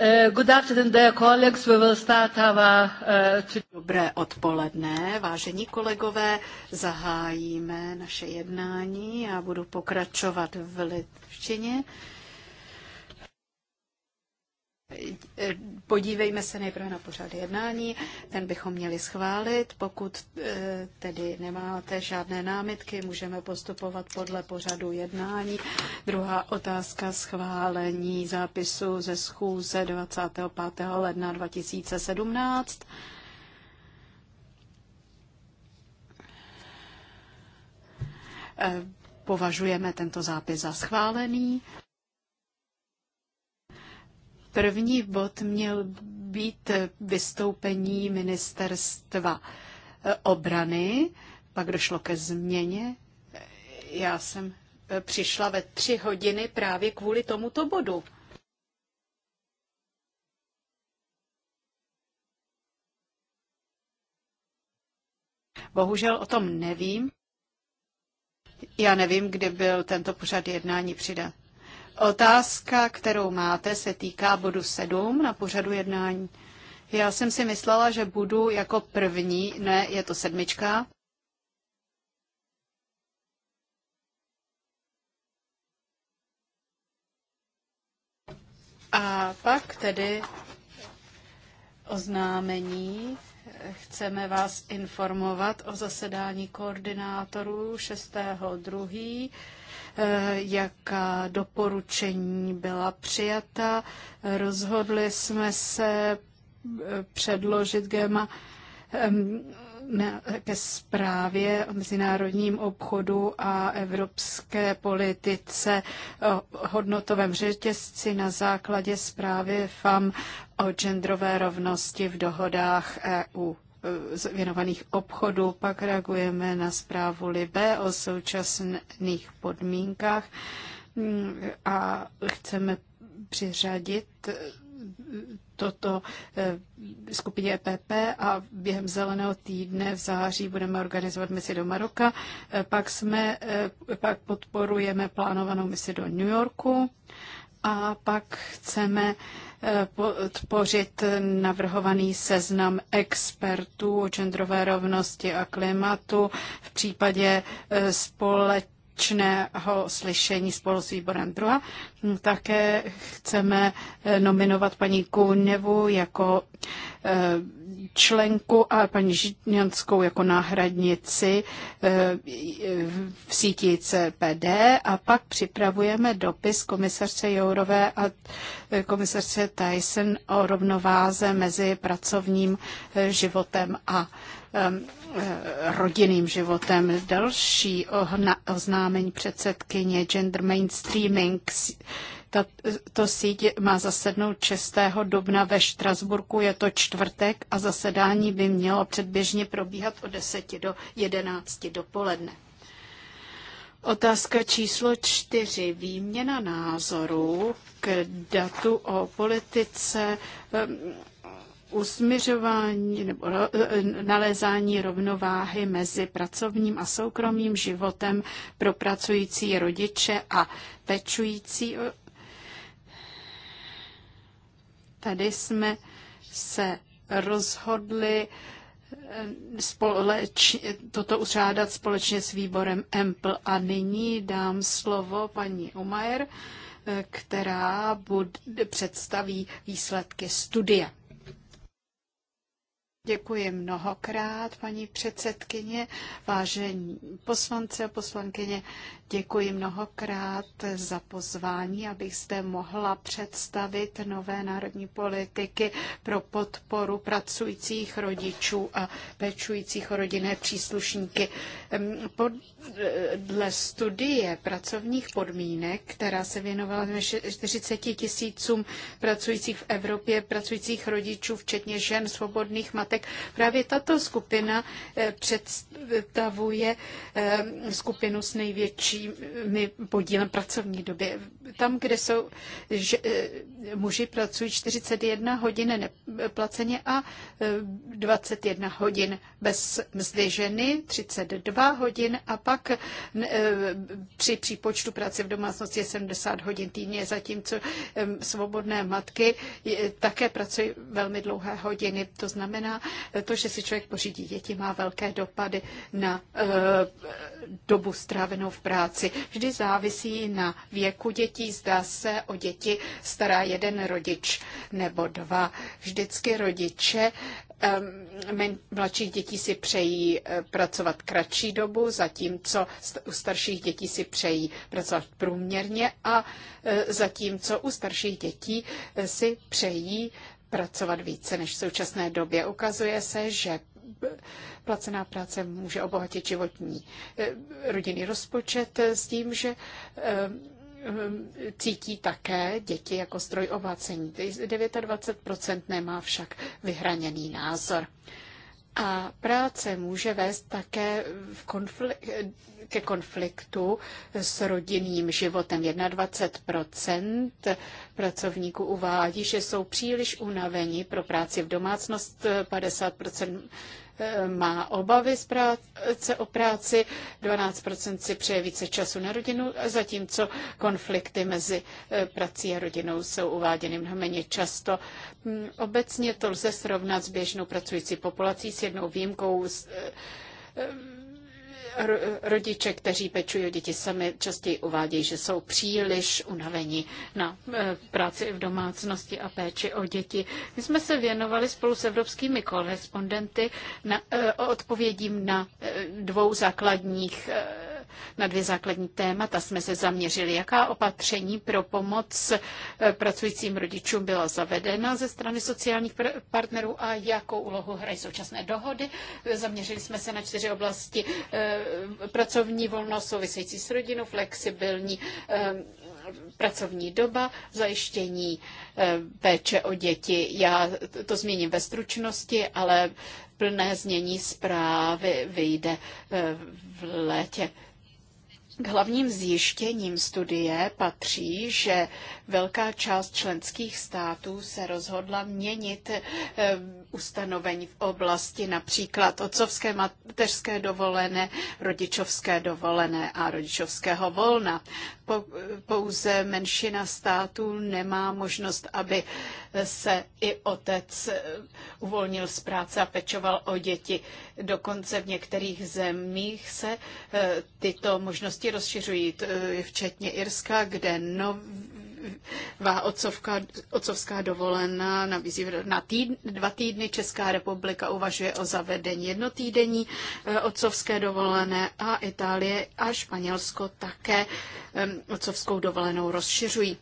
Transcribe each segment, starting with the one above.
Eh, eh, Dobré odpoledne, vážení kolegové. Zahájíme naše jednání a budu pokračovat v litevštině. Podívejme se nejprve na pořad jednání, ten bychom měli schválit. Pokud e, tedy nemáte žádné námitky, můžeme postupovat podle pořadu jednání. Druhá otázka schválení zápisu ze schůze 25. ledna 2017. E, považujeme tento zápis za schválený. První bod měl být vystoupení ministerstva obrany, pak došlo ke změně. Já jsem přišla ve tři hodiny právě kvůli tomuto bodu. Bohužel o tom nevím. Já nevím, kdy byl tento pořad jednání přidat. Otázka, kterou máte, se týká bodu 7 na pořadu jednání. Já jsem si myslela, že budu jako první, ne, je to sedmička. A pak tedy oznámení. Chceme vás informovat o zasedání koordinátorů 2. Eh, jaká doporučení byla přijata. Rozhodli jsme se eh, předložit GEMA ke zprávě o mezinárodním obchodu a evropské politice o hodnotovém řetězci na základě zprávy FAM o genderové rovnosti v dohodách EU. Eh, věnovaných obchodu, pak reagujeme na zprávu Libe o současných podmínkách mm, a chceme přiřadit eh, toto eh, skupině EPP a během zeleného týdne v září budeme organizovat misi do Maroka. Pak, jsme, pak podporujeme plánovanou misi do New Yorku a pak chceme podpořit navrhovaný seznam expertů o genderové rovnosti a klimatu v případě eh, společnosti společného slyšení spolu s výborem Druha. Také chceme eh, nominovat paní Kůněvu jako eh, členku a paní Žitňanskou jako náhradnici eh, v síti CPD a pak připravujeme dopis komisařce Jourové a komisařce Tyson o rovnováze mezi pracovním životem a Eh, rodinným životem. Další oznámení předsedkyně Gender Mainstreaming tato síť má zasednout 6. dubna ve Štrasburku, je to čtvrtek a zasedání by mělo předběžně probíhat od 10 do 11 dopoledne. Otázka číslo čtyři. Výměna názorů k datu o politice ehm, usmiřování nebo e, e, nalézání rovnováhy mezi pracovním a soukromým životem pro pracující rodiče a pečující. Tady jsme se rozhodli e, společ, toto uřádat společně s výborem EMPL. A nyní dám slovo paní Umajer, která bud představí výsledky studie. Děkuji mnohokrát, paní předsedkyně, vážení poslanci a poslankyně. Děkuji mnohokrát za pozvání, abych zde mohla představit nové národní politiky pro podporu pracujících rodičů a pečujících rodinné příslušníky. Podle studie pracovních podmínek, která se věnovala 40 tisícům pracujících v Evropě, pracujících rodičů, včetně žen, svobodných matek, právě tato skupina eh, představuje eh, skupinu s největší většími podílem pracovní doby. Tam, kde jsou že, eh, muži pracují 41 hodin neplaceně a 21 eh, hodin bez mzdy ženy, 32 hodin a pak eh, při přípočtu práce v domácnosti je 70 hodin týdně, zatímco svobodné matky také pracují velmi dlouhé hodiny. To znamená, to, že si člověk pořídí děti, má velké dopady na dobu strávenou v práci situaci. Vždy závisí na věku dětí, zdá se o děti stará jeden rodič nebo dva. Vždycky rodiče mladších dětí si přejí e, pracovat kratší dobu, zatímco u starších dětí si přejí pracovat průměrně a e, zatímco u starších dětí e, si přejí pracovat více než v současné době. Ukazuje se, že placená práce může obohatit životní eh, rodinný rozpočet eh, s tím, že eh, cítí také děti jako stroj ovácení. 29% nemá však vyhraněný názor. A práce může vést také v konflik- ke konfliktu s rodinným životem. 21% pracovníků uvádí, že jsou příliš unaveni pro práci v domácnost, 50% má obavy z práce o práci, 12% si přeje více času na rodinu, zatímco konflikty mezi eh, prací a rodinou jsou uváděny mnohem méně často. Hm, obecně to lze srovnat s běžnou pracující populací s jednou výjimkou eh, rodiče, kteří pečují o děti sami, častěji uvádějí, že jsou příliš unavení na e, práci v domácnosti a péči o děti. My jsme se věnovali spolu s evropskými korespondenty na, e, odpovědím na e, dvou základních na dvě základní témata jsme se zaměřili. Jaká opatření pro pomoc eh, pracujícím rodičům byla zavedena ze strany sociálních partnerů a jakou úlohu hrají současné dohody? Zaměřili jsme se na čtyři oblasti. Eh, pracovní volnost související s rodinou, flexibilní eh, pracovní doba, zajištění péče o děti. Já to zmíním ve stručnosti, ale plné znění zprávy vyjde v létě. K hlavním zjištěním studie patří, že velká část členských států se rozhodla měnit eh, ustanovení v oblasti například otcovské mateřské dovolené, rodičovské dovolené a rodičovského volna pouze menšina států nemá možnost, aby se i otec uvolnil z práce a pečoval o děti. Dokonce v některých zemích se eh, tyto možnosti rozšiřují, včetně Irska, kde nov dva otcovka, otcovská dovolená na, na týdn, dva týdny. Česká republika uvažuje o zavedení jednotýdenní eh, otcovské dovolené a Itálie a Španělsko také otcovskou dovolenou rozšiřují.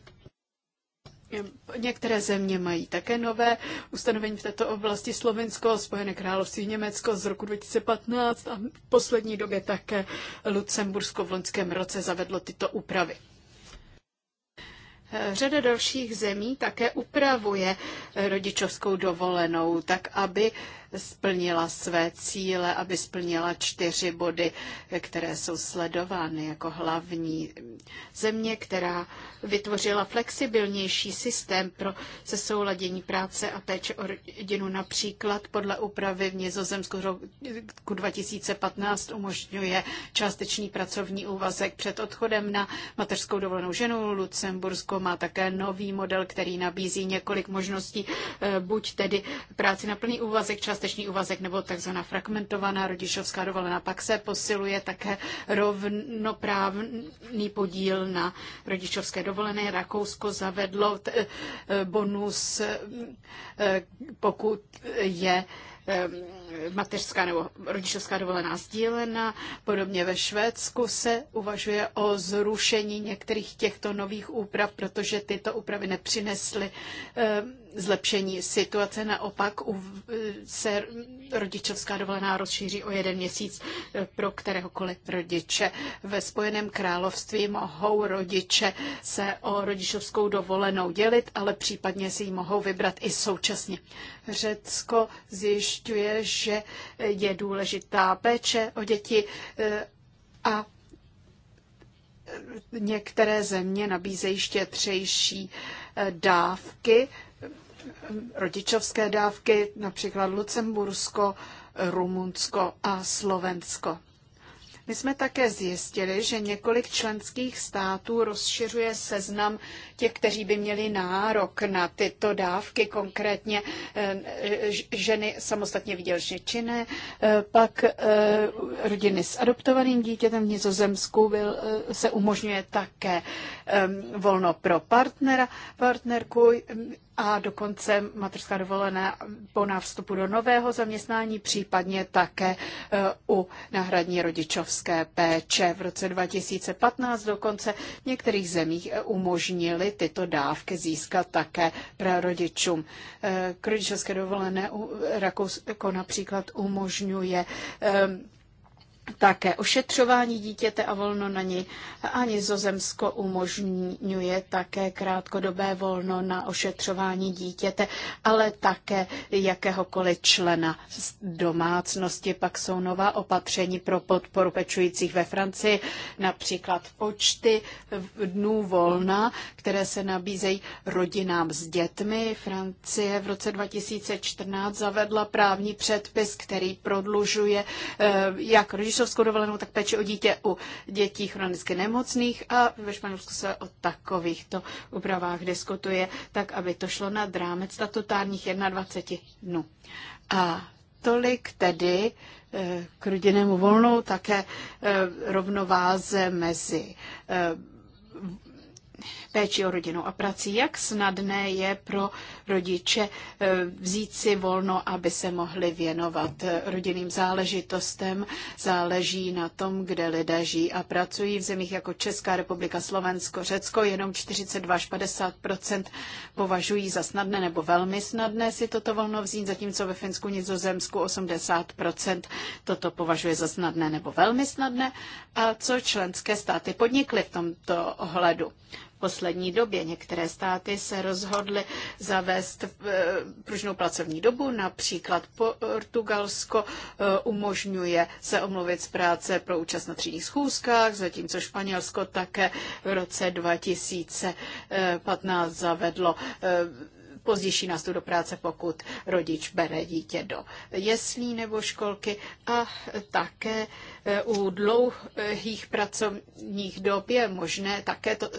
Některé země mají také nové ustanovení v této oblasti. Slovensko, Spojené království, Německo z roku 2015 a v poslední době také Lucembursko v loňském roce zavedlo tyto úpravy. Řada dalších zemí také upravuje rodičovskou dovolenou, tak aby splnila své cíle, aby splnila čtyři body, které jsou sledovány jako hlavní. Země, která vytvořila flexibilnější systém pro sesouladění práce a péče o rodinu například podle úpravy v Nizozemsku roku 2015 umožňuje částečný pracovní úvazek před odchodem na mateřskou dovolenou ženu. Lucembursko má také nový model, který nabízí několik možností, eh, buď tedy práci na plný úvazek, čas částečný úvazek nebo takzvaná fragmentovaná rodičovská dovolená. Pak se posiluje také rovnoprávný podíl na rodičovské dovolené. Rakousko zavedlo e, bonus, e, e, pokud je mateřská nebo rodičovská dovolená sdílena. Podobně ve Švédsku se uvažuje o zrušení některých těchto nových úprav, protože tyto úpravy nepřinesly zlepšení situace. Naopak se rodičovská dovolená rozšíří o jeden měsíc e, pro kteréhokoliv rodiče. Ve Spojeném království mohou rodiče se o rodičovskou dovolenou dělit, ale případně si ji mohou vybrat i současně. Řecko zjišť zajišťuje, že je důležitá péče o děti eh, a některé země nabízejí třejší eh, dávky, rodičovské dávky, například Lucembursko, Rumunsko a Slovensko. My jsme také zjistili, že několik členských států rozšiřuje seznam těch, kteří by měli nárok na tyto dávky, konkrétně eh, ženy samostatně výdělečně činné, eh, pak eh, rodiny s adoptovaným dítětem v Nizozemsku byl, se umožňuje také volno pro partnera, partnerku, a dokonce mateřská dovolená po návstupu do nového zaměstnání, případně také e, u náhradní rodičovské péče. V roce 2015 dokonce v některých zemích e, umožnili tyto dávky získat také prarodičům. E, k rodičovské dovolené u Rakousko například umožňuje také ošetřování dítěte a volno na ní. A Nizozemsko umožňuje také krátkodobé volno na ošetřování dítěte, ale také jakéhokoliv člena z domácnosti. Pak jsou nová opatření pro podporu pečujících ve Francii, například počty dnů volna, které se nabízejí rodinám s dětmi. Francie v roce 2014 zavedla právní předpis, který prodlužuje eh, jak rodič rodičovskou dovolenou, tak péči o dítě u dětí chronicky nemocných a ve Španělsku se o takovýchto úpravách diskutuje, tak aby to šlo nad rámec statutárních 21 dnů. A tolik tedy eh, k rodinnému volnou také eh, rovnováze mezi eh, péči o rodinu a prací. Jak snadné je pro rodiče eh, vzít si volno, aby se mohli věnovat eh, rodinným záležitostem? Záleží na tom, kde lidé žijí a pracují. V zemích jako Česká republika, Slovensko, Řecko jenom 42 až 50 považují za snadné nebo velmi snadné si toto volno vzít, zatímco ve Finsku, Nizozemsku 80 toto považuje za snadné nebo velmi snadné. A co členské státy podnikly v tomto ohledu? poslední době. Některé státy se rozhodly zavést eh, pružnou pracovní dobu, například Portugalsko eh, umožňuje se omluvit z práce pro účast na třídních schůzkách, zatímco Španělsko také v roce 2015 zavedlo eh, pozdější nástup do práce, pokud rodič bere dítě do jeslí nebo školky a také u dlouhých pracovních dob je možné také to,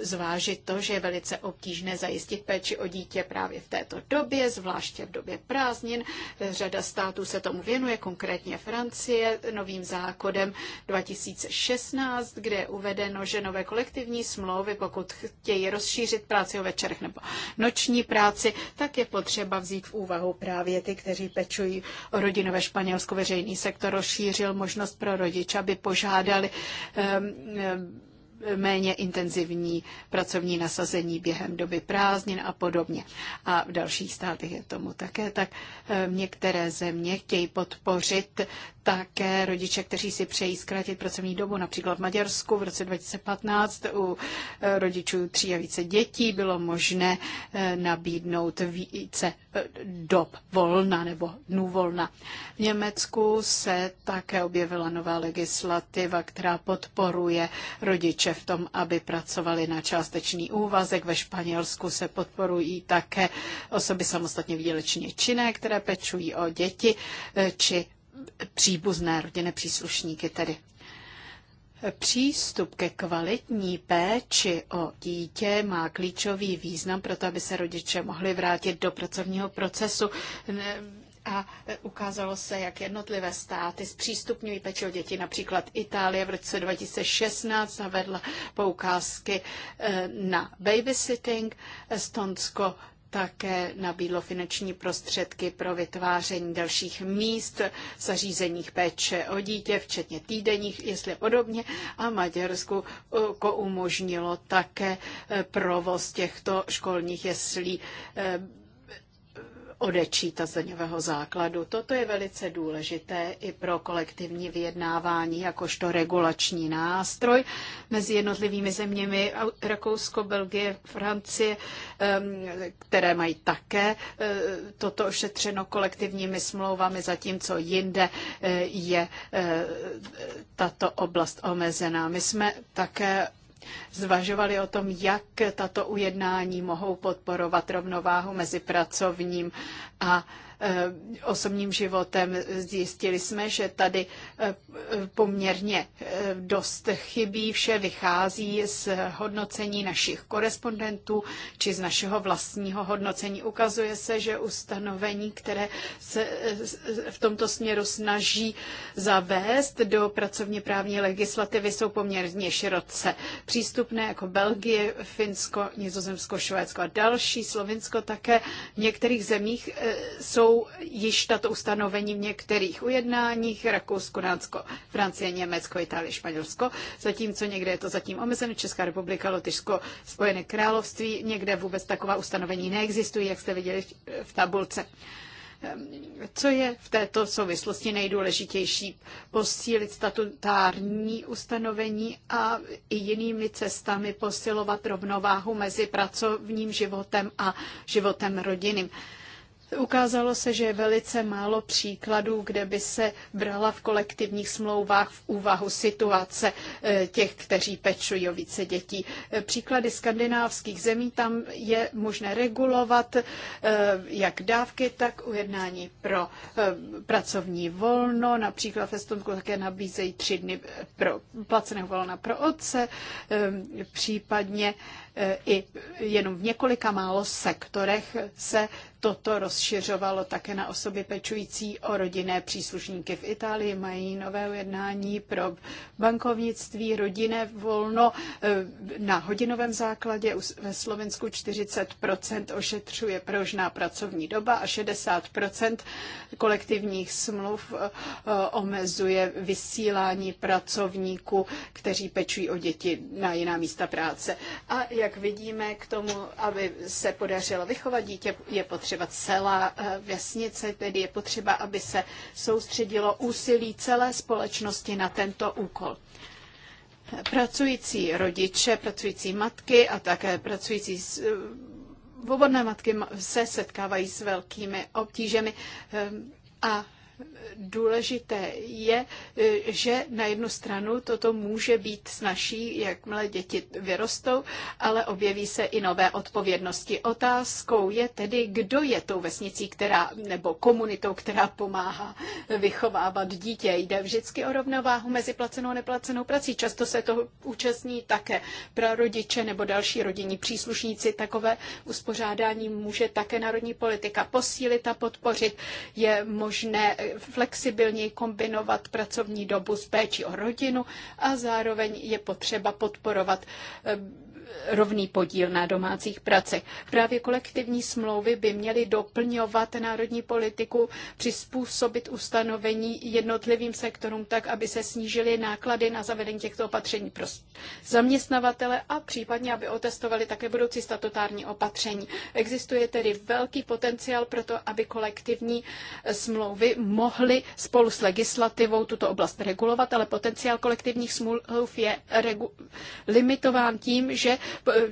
zvážit to, že je velice obtížné zajistit péči o dítě právě v této době, zvláště v době prázdnin. Řada států se tomu věnuje, konkrétně Francie, novým zákonem 2016, kde je uvedeno, že nové kolektivní smlouvy, pokud chtějí rozšířit práci o večerech nebo noční práci, tak je potřeba vzít v úvahu právě ty, kteří pečují o rodinu ve Španělsku. veřejný sektor rozšířil možnost možnost pro rodiče, aby požádali ehm, ehm, méně intenzivní pracovní nasazení během doby prázdnin a podobně. A v dalších státech je tomu také tak. Ehm, některé země chtějí podpořit také rodiče, kteří si přejí zkrátit pracovní dobu, například v Maďarsku v roce 2015 u eh, rodičů tří a více dětí bylo možné eh, nabídnout více eh, dob volna nebo dnů volna. V Německu se také objevila nová legislativa, která podporuje rodiče v tom, aby pracovali na částečný úvazek. Ve Španělsku se podporují také osoby samostatně výdělečně činné, které pečují o děti či příbuzné rodinné příslušníky tedy. Přístup ke kvalitní péči o dítě má klíčový význam pro to, aby se rodiče mohli vrátit do pracovního procesu. A ukázalo se, jak jednotlivé státy zpřístupňují péči o děti. Například Itálie v roce 2016 zavedla poukázky eh, na babysitting, Estonsko také nabídlo finanční prostředky pro vytváření dalších míst, zařízeních péče o dítě, včetně týdenních, jestli podobně. A Maďarsku eh, ko umožnilo také eh, provoz těchto školních jeslí eh, odečítat z daňového základu. Toto je velice důležité i pro kolektivní vyjednávání jakožto regulační nástroj mezi jednotlivými zeměmi Rakousko, Belgie, Francie, které mají také eh, toto ošetřeno kolektivními smlouvami, zatímco jinde eh, je eh, tato oblast omezená. My jsme také zvažovali o tom, jak tato ujednání mohou podporovat rovnováhu mezi pracovním a e, osobním životem. Zjistili jsme, že tady e, poměrně e, dost chybí. Vše vychází z hodnocení našich korespondentů či z našeho vlastního hodnocení. Ukazuje se, že ustanovení, které se v tomto směru snaží zavést do pracovně právní legislativy, jsou poměrně široce přístupné jako Belgie, Finsko, Nizozemsko, Švédsko a další, Slovinsko také. V některých zemích jsou již tato ustanovení v některých ujednáních, Rakousko, Dánsko, Francie, Německo, Itálie, Španělsko, zatímco někde je to zatím omezeno, Česká republika, Lotyšsko, Spojené království, někde vůbec taková ustanovení neexistují, jak jste viděli v tabulce. Ehm, co je v této souvislosti nejdůležitější? Posílit statutární ustanovení a i jinými cestami posilovat rovnováhu mezi pracovním životem a životem rodinným. Ukázalo se, že je velice málo příkladů, kde by se brala v kolektivních smlouvách v úvahu situace eh, těch, kteří pečují o více dětí. Eh, příklady skandinávských zemí, tam je možné regulovat eh, jak dávky, tak ujednání pro pracovní volno. Například v Estonsku také nabízejí tři dny pro placeného volna pro otce, případně i jenom v několika málo sektorech se toto rozšiřovalo také na osoby pečující o rodinné příslušníky. V Itálii mají nové ujednání pro bankovnictví, rodinné volno eh, na hodinovém základě, ve Slovensku 40% ošetřuje prožná pracovní doba a 60% kolektivních smluv eh, omezuje vysílání pracovníků, kteří pečují o děti na jiná místa práce. A jak vidíme, k tomu, aby se podařilo vychovat dítě, je potřeba potřeba celá eh, vesnice, tedy je potřeba, aby se soustředilo úsilí celé společnosti na tento úkol. Pracující rodiče, pracující matky a také pracující eh, vobodné matky se setkávají s velkými obtížemi eh, a důležité je, e, že na jednu stranu toto může být snažší, jakmile děti vyrostou, ale objeví se i nové odpovědnosti. Otázkou je tedy, kdo je tou vesnicí, která, nebo komunitou, která pomáhá vychovávat dítě. Jde vždycky o rovnováhu mezi placenou a neplacenou prací. Často se to účastní také prarodiče nebo další rodinní příslušníci. Takové uspořádání může také národní politika posílit a podpořit. Je možné flexibilněji kombinovat pracovní dobu s péči o rodinu a zároveň je potřeba podporovat eh, rovný podíl na domácích pracech. Právě kolektivní smlouvy by měly doplňovat národní politiku, přizpůsobit ustanovení jednotlivým sektorům tak, aby se snížily náklady na zavedení těchto opatření pro zaměstnavatele a případně, aby otestovali také budoucí statutární opatření. Existuje tedy velký potenciál pro to, aby kolektivní smlouvy mohly spolu s legislativou tuto oblast regulovat, ale potenciál kolektivních smluv je limitován tím, že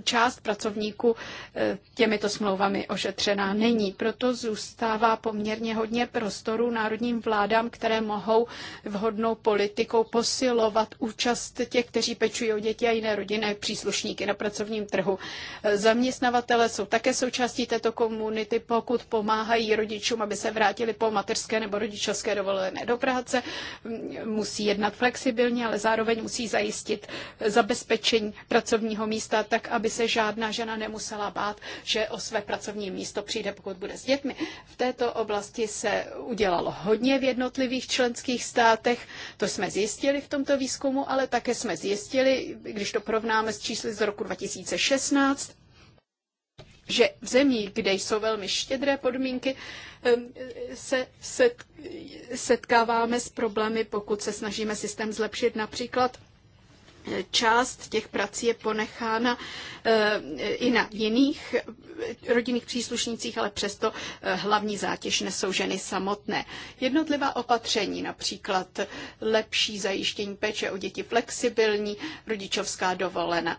část pracovníků eh, těmito smlouvami ošetřená není. Proto zůstává poměrně hodně prostoru národním vládám, které mohou vhodnou politikou posilovat účast těch, kteří pečují o děti a jiné rodinné příslušníky na pracovním trhu. Eh, zaměstnavatele jsou také součástí této komunity, pokud pomáhají rodičům, aby se vrátili po mateřské nebo rodičovské dovolené do práce, mm, musí jednat flexibilně, ale zároveň musí zajistit eh, zabezpečení pracovního místa místa, tak aby se žádná žena nemusela bát, že o své pracovní místo přijde, pokud bude s dětmi. V této oblasti se udělalo hodně v jednotlivých členských státech, to jsme zjistili v tomto výzkumu, ale také jsme zjistili, když to porovnáme s čísly z roku 2016, že v zemích, kde jsou velmi štědré podmínky, se setkáváme s problémy, pokud se snažíme systém zlepšit například část těch prací je ponechána eh, i na jiných eh, rodinných příslušnících, ale přesto eh, hlavní zátěž nesou ženy samotné. Jednotlivá opatření, například lepší zajištění péče o děti, flexibilní rodičovská dovolena,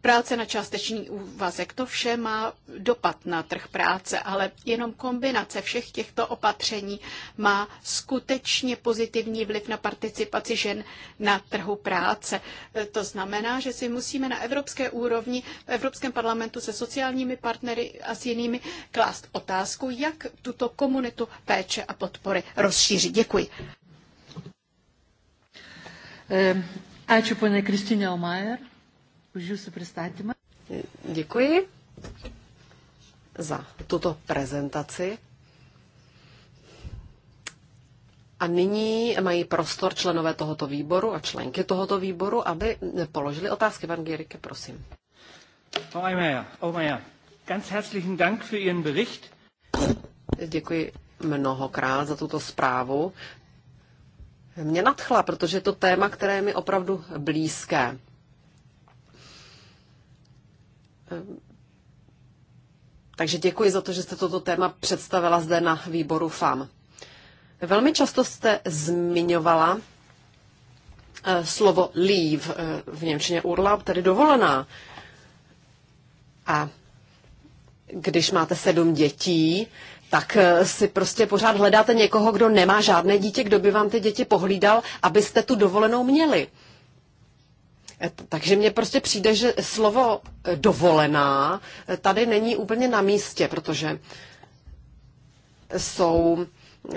práce na částečný úvazek, to vše má dopad na trh práce, ale jenom kombinace všech těchto opatření má skutečně pozitivní vliv na participaci žen na trhu práce práce. E, to znamená, že si musíme na evropské úrovni, v Evropském parlamentu se sociálními partnery a s jinými klást otázku, jak tuto komunitu péče a podpory rozšířit. Děkuji. E, ačiū pane Kristinė Omajer už jūsų pristatymą. Děkuji za tuto prezentaci. A nyní mají prostor členové tohoto výboru a členky tohoto výboru, aby položili otázky. Van Gierike, prosím. Frau Eimeyer, Eimeyer, ganz herzlichen Dank für Ihren Bericht. Děkuji mnohokrát za tuto zprávu. Mě nadchla, protože je to téma, které je mi opravdu blízké. Takže děkuji za to, že jste toto téma představila zde na výboru FAM. Velmi často jste zmiňovala eh, slovo leave eh, v Němčině urlaub, tedy dovolená. A když máte sedm dětí, tak eh, si prostě pořád hledáte někoho, kdo nemá žádné dítě, kdo by vám ty děti pohlídal, abyste tu dovolenou měli. Takže mně prostě přijde, že slovo dovolená tady není úplně na místě, protože jsou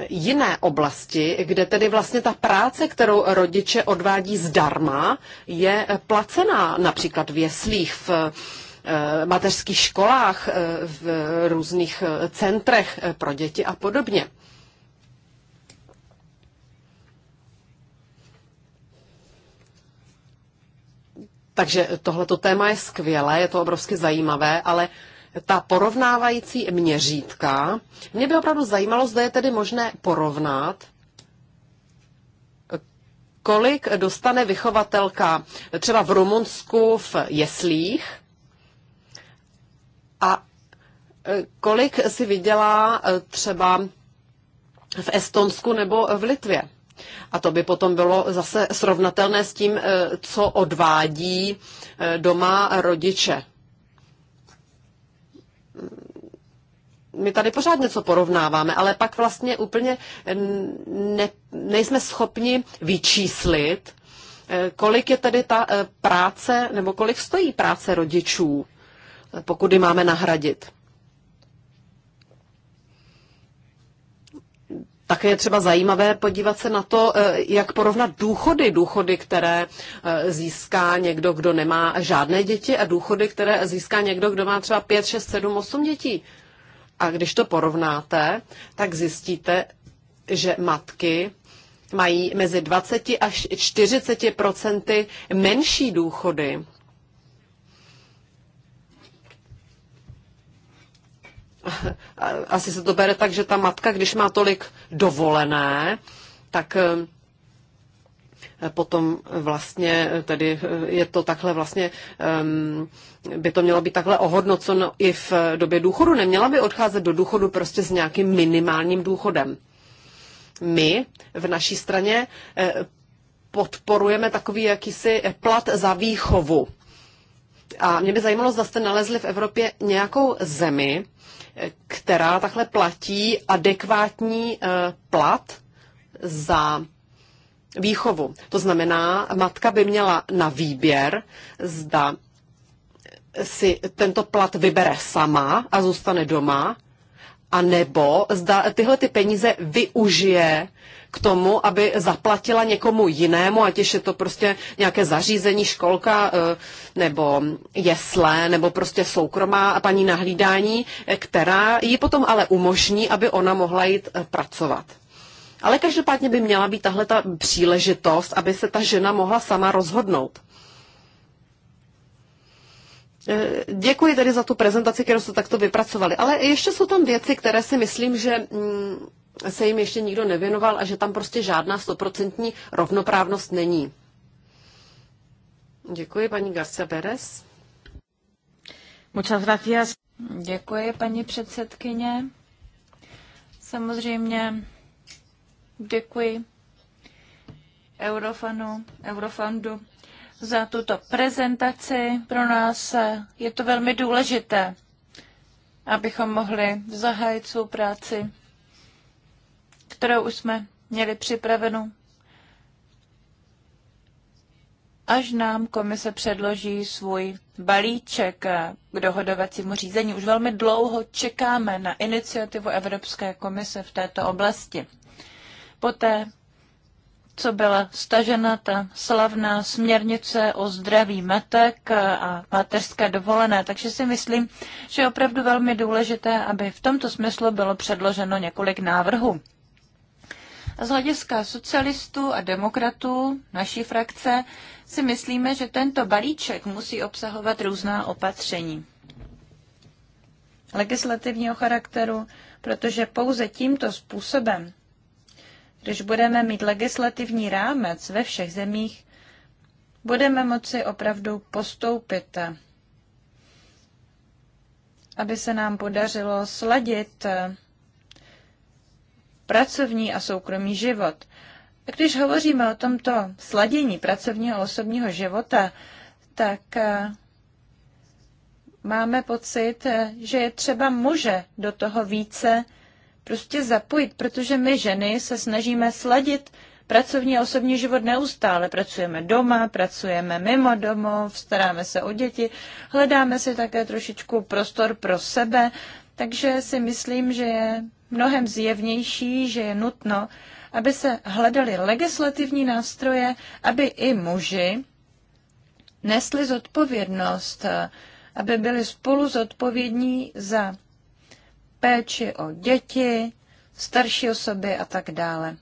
jiné oblasti, kde tedy vlastně ta práce, kterou rodiče odvádí zdarma, je placená, například v jeslích, v eh, mateřských školách, eh, v různých eh, centrech pro děti a podobně. Takže tohleto téma je skvělé, je to obrovsky zajímavé, ale ta porovnávající měřítka. Mě by opravdu zajímalo, zda je tedy možné porovnat, kolik dostane vychovatelka třeba v Rumunsku v jeslích a e, kolik si vydělá e, třeba v Estonsku nebo v Litvě. A to by potom bylo zase srovnatelné s tím, e, co odvádí doma rodiče my tady pořád něco porovnáváme, ale pak vlastně úplně ne, nejsme schopni vyčíslit, eh, kolik je tedy ta eh, práce, nebo kolik stojí práce rodičů, eh, pokud ji máme nahradit. Také je třeba zajímavé podívat se na to, eh, jak porovnat důchody. Důchody, které eh, získá někdo, kdo nemá žádné děti a důchody, které získá někdo, kdo má třeba 5, 6, 7, 8 dětí. A když to porovnáte, tak zjistíte, že matky mají mezi 20 až 40 procenty menší důchody asi se to bere tak, že ta matka, když má tolik dovolené, tak eh, potom vlastně tedy eh, je to takhle vlastně, ehm, by to mělo být takhle ohodnoceno i v době důchodu. Neměla by odcházet do důchodu prostě s nějakým minimálním důchodem. My v naší straně eh, podporujeme takový jakýsi plat za výchovu. A mě by zajímalo, zda jste nalezli v Evropě nějakou zemi, která takhle platí adekvátní eh, plat za výchovu. To znamená, matka by měla na výběr, zda si tento plat vybere sama a zůstane doma, a nebo zda tyhle ty peníze využije k tomu, aby zaplatila někomu jinému, ať je to prostě nějaké zařízení, školka eh, nebo jesle, nebo prostě soukromá paní nahlídání, eh, která ji potom ale umožní, aby ona mohla jít eh, pracovat. Ale každopádně by měla být tahle ta příležitost, aby se ta žena mohla sama rozhodnout. Děkuji tedy za tu prezentaci, kterou jste takto vypracovali. Ale ještě jsou tam věci, které si myslím, že mm, se jim ještě nikdo nevěnoval a že tam prostě žádná stoprocentní rovnoprávnost není. Děkuji, paní Garcia Beres. Muchas gracias. Děkuji, paní předsedkyně. Samozřejmě děkuji Eurofanu, Eurofandu za tuto prezentaci. Pro nás je to velmi důležité, abychom mohli zahájit svou práci kterou už jsme měli připravenu, až nám komise předloží svůj balíček k dohodovacímu řízení. Už velmi dlouho čekáme na iniciativu Evropské komise v této oblasti. Poté, co byla stažena ta slavná směrnice o zdraví matek a materské dovolené, takže si myslím, že je opravdu velmi důležité, aby v tomto smyslu bylo předloženo několik návrhů. A z hlediska socialistů a demokratů naší frakce si myslíme, že tento balíček musí obsahovat různá opatření legislativního charakteru, protože pouze tímto způsobem, když budeme mít legislativní rámec ve všech zemích, budeme moci opravdu postoupit, aby se nám podařilo sladit pracovní a soukromý život. A když hovoříme o tomto sladění pracovního a osobního života, tak eh, máme pocit, eh, že je třeba muže do toho více prostě zapojit, protože my ženy se snažíme sladit pracovní a osobní život neustále. Pracujeme doma, pracujeme mimo domov, staráme se o děti, hledáme si také trošičku prostor pro sebe, takže si myslím, že je mnohem zjevnější, že je nutno, aby se hledaly legislativní nástroje, aby i muži nesli zodpovědnost, aby byli spolu zodpovědní za péči o děti, starší osoby a tak dále.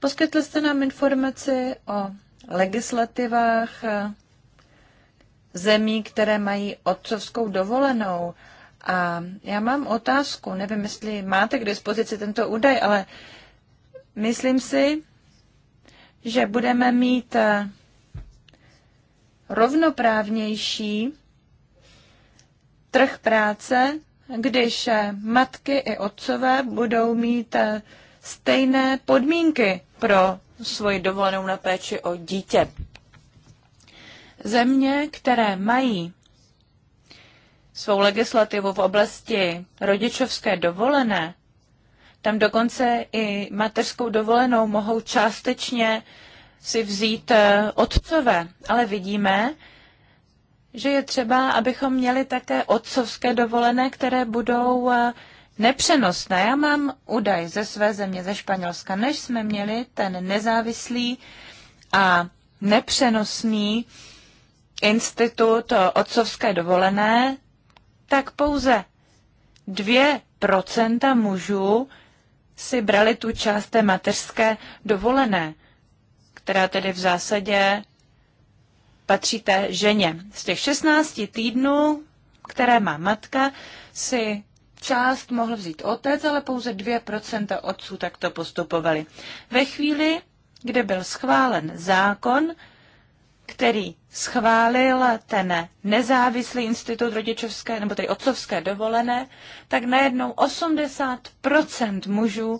Poskytli jste nám informaci o legislativách zemí, které mají otcovskou dovolenou a já mám otázku, nevím, jestli máte k dispozici tento údaj, ale myslím si, že budeme mít eh, rovnoprávnější trh práce, když eh, matky i otcové budou mít eh, stejné podmínky pro svoji dovolenou na péči o dítě. Země, které mají svou legislativu v oblasti rodičovské dovolené, tam dokonce i mateřskou dovolenou mohou částečně si vzít eh, otcové. Ale vidíme, že je třeba, abychom měli také otcovské dovolené, které budou eh, nepřenosné. Já mám údaj ze své země, ze Španělska, než jsme měli ten nezávislý a nepřenosný institut otcovské dovolené, tak pouze 2% mužů si brali tu část té mateřské dovolené, která tedy v zásadě patří té ženě. Z těch 16 týdnů, které má matka, si část mohl vzít otec, ale pouze 2% otců takto postupovali. Ve chvíli, kdy byl schválen zákon, který schválil ten nezávislý institut rodičovské, nebo tedy otcovské dovolené, tak najednou 80% mužů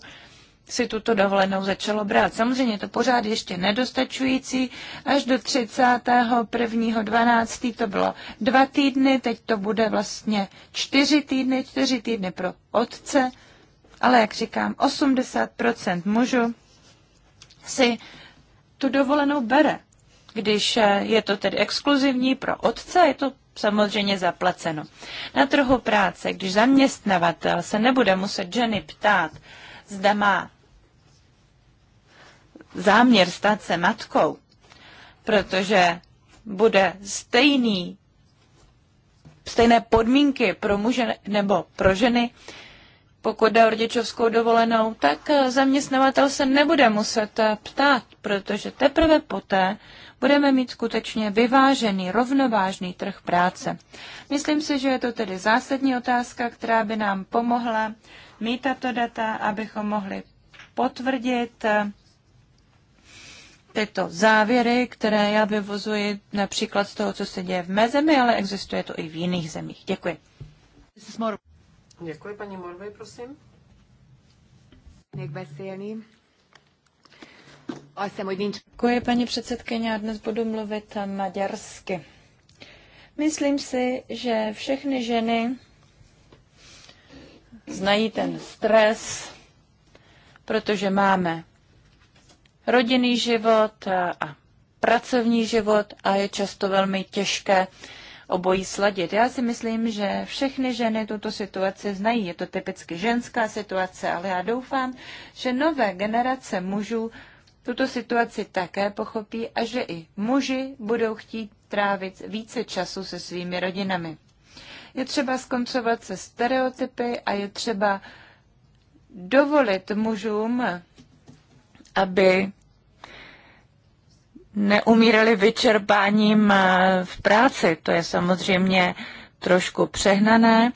si tuto dovolenou začalo brát. Samozřejmě je to pořád ještě nedostačující. Až do 31.12. to bylo dva týdny, teď to bude vlastně čtyři týdny, čtyři týdny pro otce. Ale jak říkám, 80% mužů si tu dovolenou bere. Když eh, je to tedy exkluzivní pro otce, je to samozřejmě zaplaceno. Na trhu práce, když zaměstnavatel se nebude muset ženy ptát, zda má záměr stát se matkou, protože bude stejný, stejné podmínky pro muže nebo pro ženy, pokud jde o rodičovskou dovolenou, tak eh, zaměstnavatel se nebude muset eh, ptát, protože teprve poté budeme mít skutečně vyvážený, rovnovážný trh práce. Myslím si, že je to tedy zásadní otázka, která by nám pomohla mít tato data, abychom mohli potvrdit eh, tyto závěry, které já vyvozuji například z toho, co se děje v mé zemi, ale existuje to i v jiných zemích. Děkuji. Děkuji, paní Morvej, prosím. Megbeszélni. Azt hiszem, Děkuji, paní předsedkyně, já dnes budu mluvit maďarsky. Myslím si, že všechny ženy znají ten stres, protože máme rodinný život a pracovní život a je často velmi těžké obojí sladit. Já si myslím, že všechny ženy tuto situaci znají. Je to typicky ženská situace, ale já doufám, že nové generace mužů tuto situaci také pochopí a že i muži budou chtít trávit více času se svými rodinami. Je třeba skoncovat se stereotypy a je třeba dovolit mužům, aby neumírali vyčerpáním eh, v práci. To je samozřejmě trošku přehnané,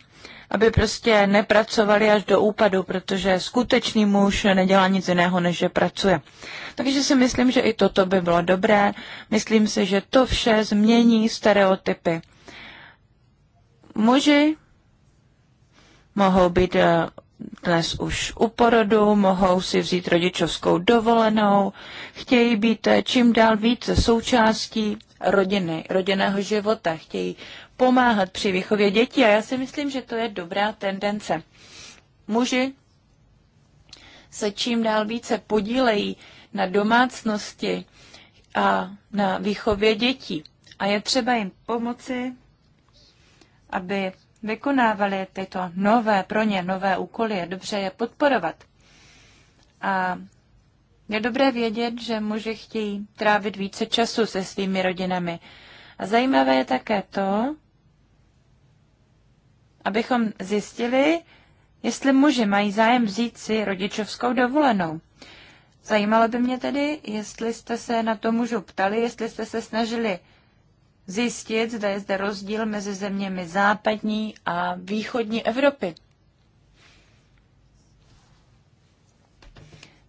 aby prostě nepracovali až do úpadu, protože skutečný muž nedělá nic jiného, než že pracuje. Takže si myslím, že i toto by bylo dobré. Myslím si, že to vše změní stereotypy. Muži mohou být eh, dnes už u porodu, mohou si vzít rodičovskou dovolenou, chtějí být eh, čím dál více součástí rodiny, rodinného života, chtějí pomáhat při výchově dětí a já si myslím, že to je dobrá tendence. Muži se čím dál více podílejí na domácnosti a na výchově dětí. A je třeba jim pomoci, aby vykonávali tyto nové, pro ně nové úkoly, je dobře je podporovat. A je dobré vědět, že muži chtějí trávit více času se svými rodinami. A zajímavé je také to, abychom zjistili, jestli muži mají zájem vzít si rodičovskou dovolenou. Zajímalo by mě tedy, jestli jste se na to mužu ptali, jestli jste se snažili zjistit, zda je zde rozdíl mezi zeměmi západní a východní Evropy.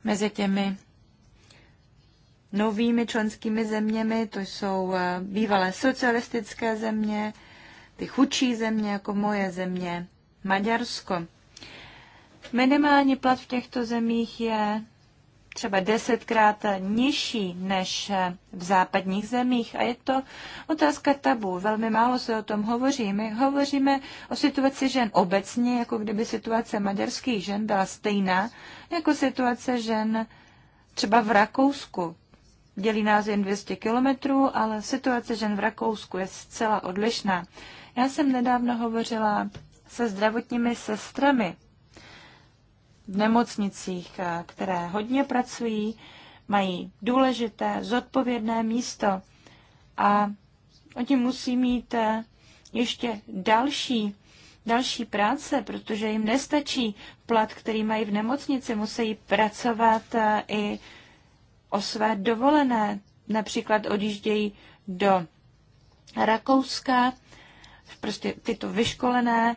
Mezi těmi novými členskými zeměmi, to jsou eh, bývalé socialistické země, ty chudší země, jako moje země, Maďarsko. Minimální plat v těchto zemích je třeba desetkrát nižší než v západních zemích. A je to otázka tabu. Velmi málo se o tom hovoří. My hovoříme o situaci žen obecně, jako kdyby situace maďarských žen byla stejná jako situace žen třeba v Rakousku. Dělí nás jen 200 kilometrů, ale situace žen v Rakousku je zcela odlišná. Já jsem nedávno hovořila se zdravotními sestrami v nemocnicích, eh, které hodně pracují, mají důležité, zodpovědné místo a oni musí mít eh, ještě další, další práce, protože jim nestačí plat, který mají v nemocnici, musí pracovat eh, i o své dovolené. Například odjíždějí do Rakouska, prostě tyto vyškolené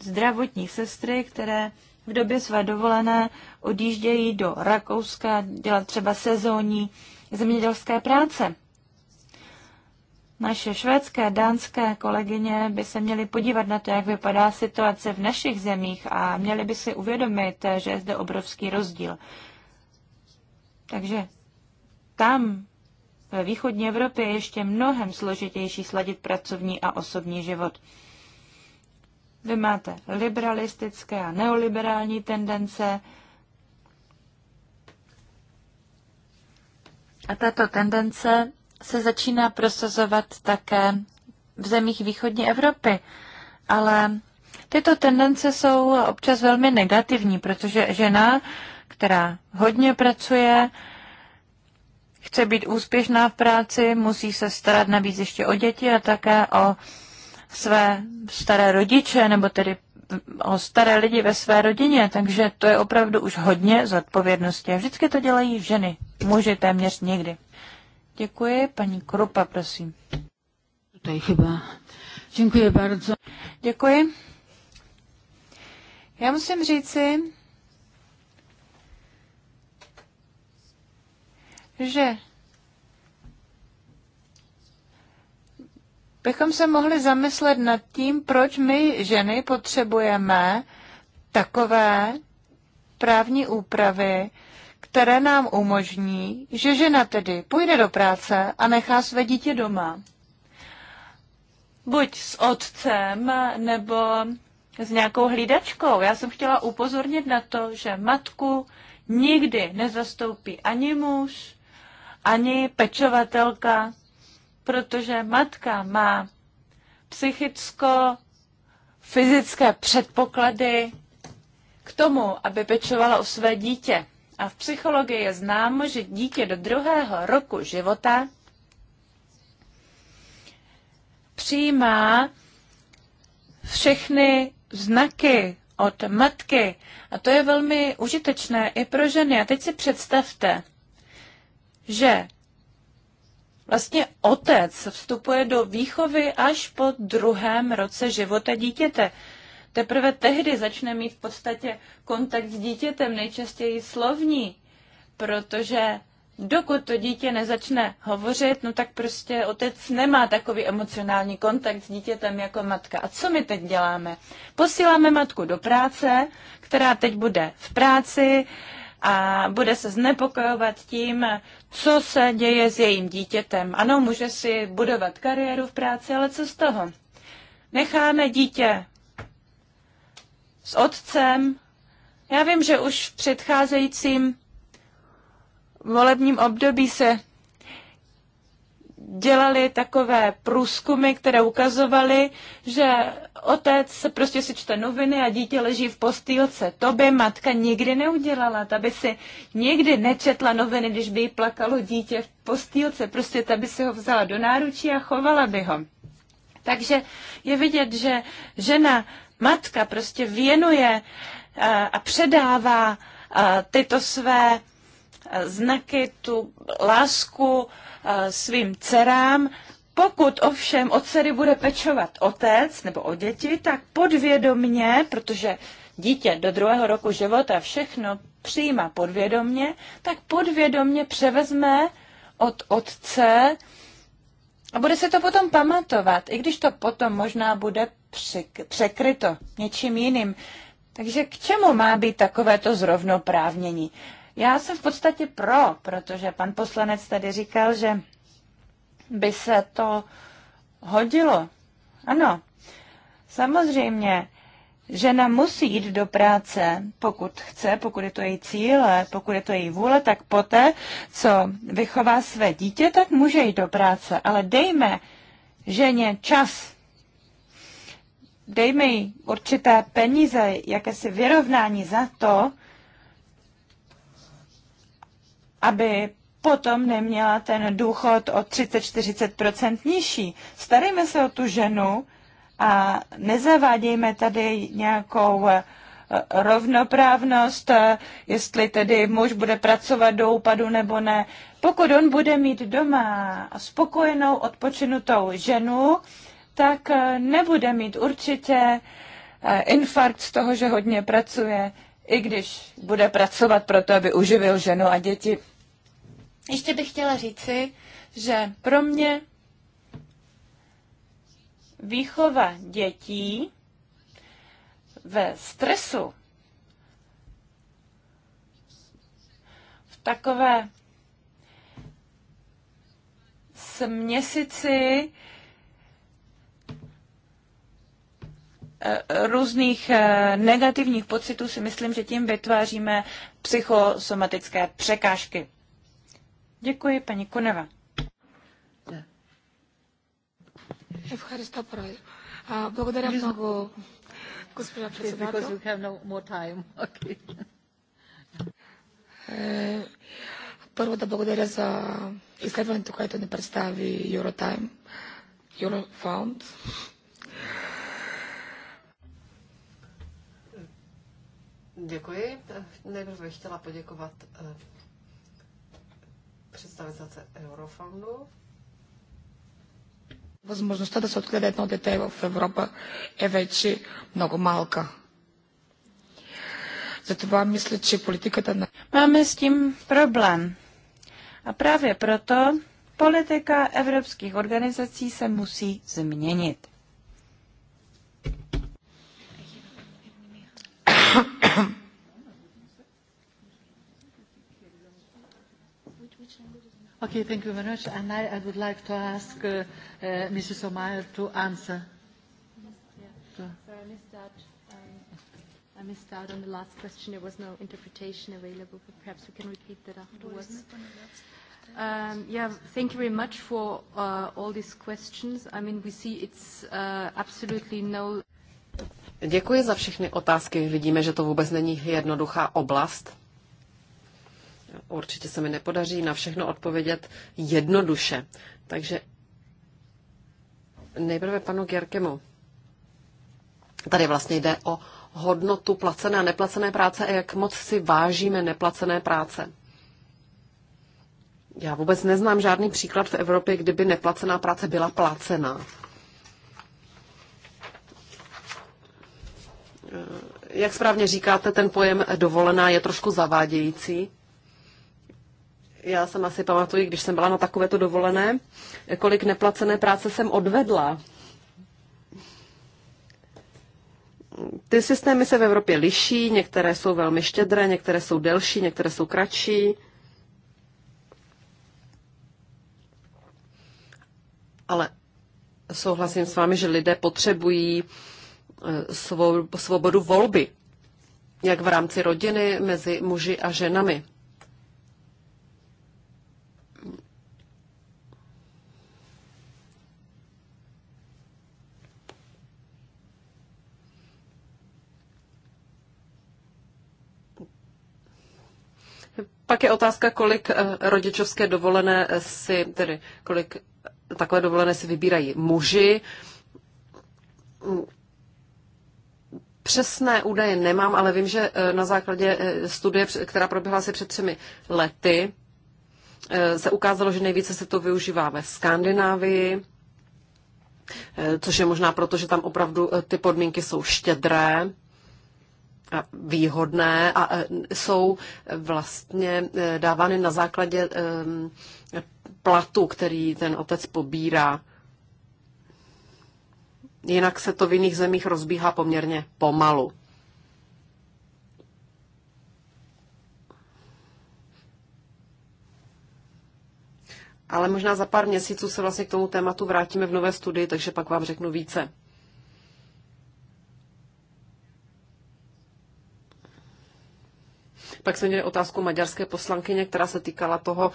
zdravotní sestry, které v době své dovolené odjíždějí do Rakouska dělat třeba sezónní zemědělské práce. Naše švédské, dánské kolegyně by se měly podívat na to, jak vypadá situace v našich zemích a měly by si uvědomit, že je zde obrovský rozdíl. Takže tam ve východní Evropě je ještě mnohem složitější sladit pracovní a osobní život. Vy máte liberalistické a neoliberální tendence. A tato tendence se začíná prosazovat také v zemích východní Evropy. Ale tyto tendence jsou občas velmi negativní, protože žena, která hodně pracuje, chce být úspěšná v práci, musí se starat navíc ještě o děti a také o své staré rodiče nebo tedy o staré lidi ve své rodině, takže to je opravdu už hodně zodpovědnosti. A vždycky to dělají ženy, muži téměř nikdy. Děkuji, paní Krupa, prosím. To je chyba. Děkuji bardzo. Děkuji. Já musím říci, že bychom se mohli zamyslet nad tím, proč my ženy potřebujeme takové právní úpravy, které nám umožní, že žena tedy půjde do práce a nechá své dítě doma. Buď s otcem nebo s nějakou hlídačkou. Já jsem chtěla upozornit na to, že matku nikdy nezastoupí ani muž, ani pečovatelka, protože matka má psychicko-fyzické předpoklady k tomu, aby pečovala o své dítě. A v psychologii je známo, že dítě do druhého roku života přijímá všechny znaky od matky. A to je velmi užitečné i pro ženy. A teď si představte, že vlastně otec vstupuje do výchovy až po druhém roce života dítěte. Teprve tehdy začne mít v podstatě kontakt s dítětem, nejčastěji slovní, protože dokud to dítě nezačne hovořit, no tak prostě otec nemá takový emocionální kontakt s dítětem jako matka. A co my teď děláme? Posíláme matku do práce, která teď bude v práci a bude se znepokojovat tím, co se děje s jejím dítětem. Ano, může si budovat kariéru v práci, ale co z toho? Necháme dítě s otcem. Já vím, že už v předcházejícím volebním období se dělali takové průzkumy, které ukazovaly, že otec prostě si čte noviny a dítě leží v postýlce. To by matka nikdy neudělala. Ta by si nikdy nečetla noviny, když by jí plakalo dítě v postýlce. Prostě ta by si ho vzala do náručí a chovala by ho. Takže je vidět, že žena, matka prostě věnuje a předává tyto své znaky, tu lásku, Eh, svým dcerám. Pokud ovšem o dcery bude pečovat otec nebo o děti, tak podvědomně, protože dítě do druhého roku života všechno přijímá podvědomně, tak podvědomně převezme od otce a bude se to potom pamatovat, i když to potom možná bude překryto něčím jiným. Takže k čemu má být takovéto zrovnoprávnění? Já jsem v podstatě pro, protože pan poslanec tady říkal, že by se to hodilo. Ano, samozřejmě, žena musí jít do práce, pokud chce, pokud je to její cíl, pokud je to její vůle, tak poté, co vychová své dítě, tak může jít do práce. Ale dejme ženě čas, dejme jí určité peníze, jakési vyrovnání za to, aby potom neměla ten důchod o 30-40 nižší. Starejme se o tu ženu a nezavádějme tady nějakou eh, rovnoprávnost, eh, jestli tedy muž bude pracovat do úpadu nebo ne. Pokud on bude mít doma spokojenou, odpočinutou ženu, tak eh, nebude mít určitě infarkt z toho, že hodně pracuje, i když bude pracovat proto, aby uživil ženu a děti. Ještě bych chtěla říci, že pro mě výchova dětí ve stresu, v takové směsici eh, různých eh, negativních pocitů si myslím, že tím vytváříme psychosomatické překážky. Děkuji, paní Koneva. Prvo da благодаря за изследването, което ни представи Eurotime, Eurofound. Děkuji. Nejprve chtěla poděkovat představitelce Eurofondu. Възможността да се отгледа едно дете в Европа е вече много малка. Затова мисля, че политиката на... Máme s tím problém. A právě proto politika evropských organizací se musí změnit. Okay, thank you very much. And I, I would like to ask uh, uh, Mrs. O'Meara to answer. I missed out on the last question. There was no interpretation available, but perhaps we can repeat that afterwards. Um, yeah, thank you very much for uh, all these questions. I mean, we see it's uh, absolutely no... Děkuji za všechny otázky. Vidíme, že to vůbec není jednoduchá oblast Určitě se mi nepodaří na všechno odpovědět jednoduše. Takže nejprve panu Gerkemu. Tady vlastně jde o hodnotu placené a neplacené práce a jak moc si vážíme neplacené práce. Já vůbec neznám žádný příklad v Evropě, kdyby neplacená práce byla placená. Jak správně říkáte, ten pojem dovolená je trošku zavádějící. Já jsem asi pamatuju, když jsem byla na takovéto dovolené, kolik neplacené práce jsem odvedla. Ty systémy se v Evropě liší, některé jsou velmi štědré, některé jsou delší, některé jsou kratší. Ale souhlasím s vámi, že lidé potřebují eh, svobodu volby, jak v rámci rodiny, mezi muži a ženami. Pak je otázka, kolik eh, rodičovské dovolené eh, si, tedy kolik eh, takové dovolené si vybírají muži. Přesné údaje nemám, ale vím, že na základě studie, která proběhla asi před třemi lety, se ukázalo, že nejvíce se to využívá ve Skandinávii, což je možná proto, že tam opravdu ty podmínky jsou štědré výhodné a e, jsou vlastně e, dávány na základě e, platu, který ten otec pobírá. Jinak se to v jiných zemích rozbíhá poměrně pomalu. Ale možná za pár měsíců se vlastně k tomu tématu vrátíme v nové studii, takže pak vám řeknu více. Pak jsem měl otázku maďarské poslankyně, která se týkala toho,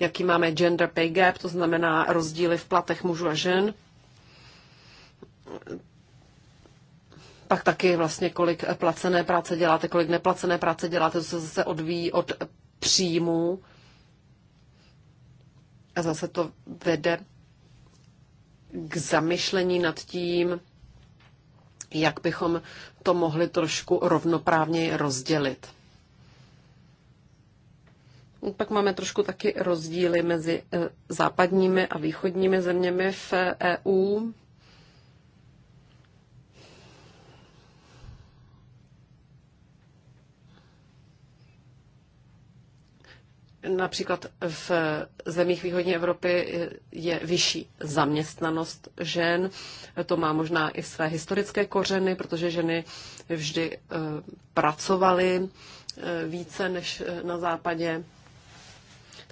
jaký máme gender pay gap, to znamená rozdíly v platech mužů a žen. Pak taky vlastně, kolik placené práce děláte, kolik neplacené práce děláte, to se zase odvíjí od příjmů. A zase to vede k zamyšlení nad tím, jak bychom to mohli trošku rovnoprávně rozdělit. Pak máme trošku taky rozdíly mezi eh, západními a východními zeměmi v EU. Eh, e Například v eh, zemích východní Evropy je vyšší zaměstnanost žen. To má možná i své historické kořeny, protože ženy vždy pracovaly více než na západě.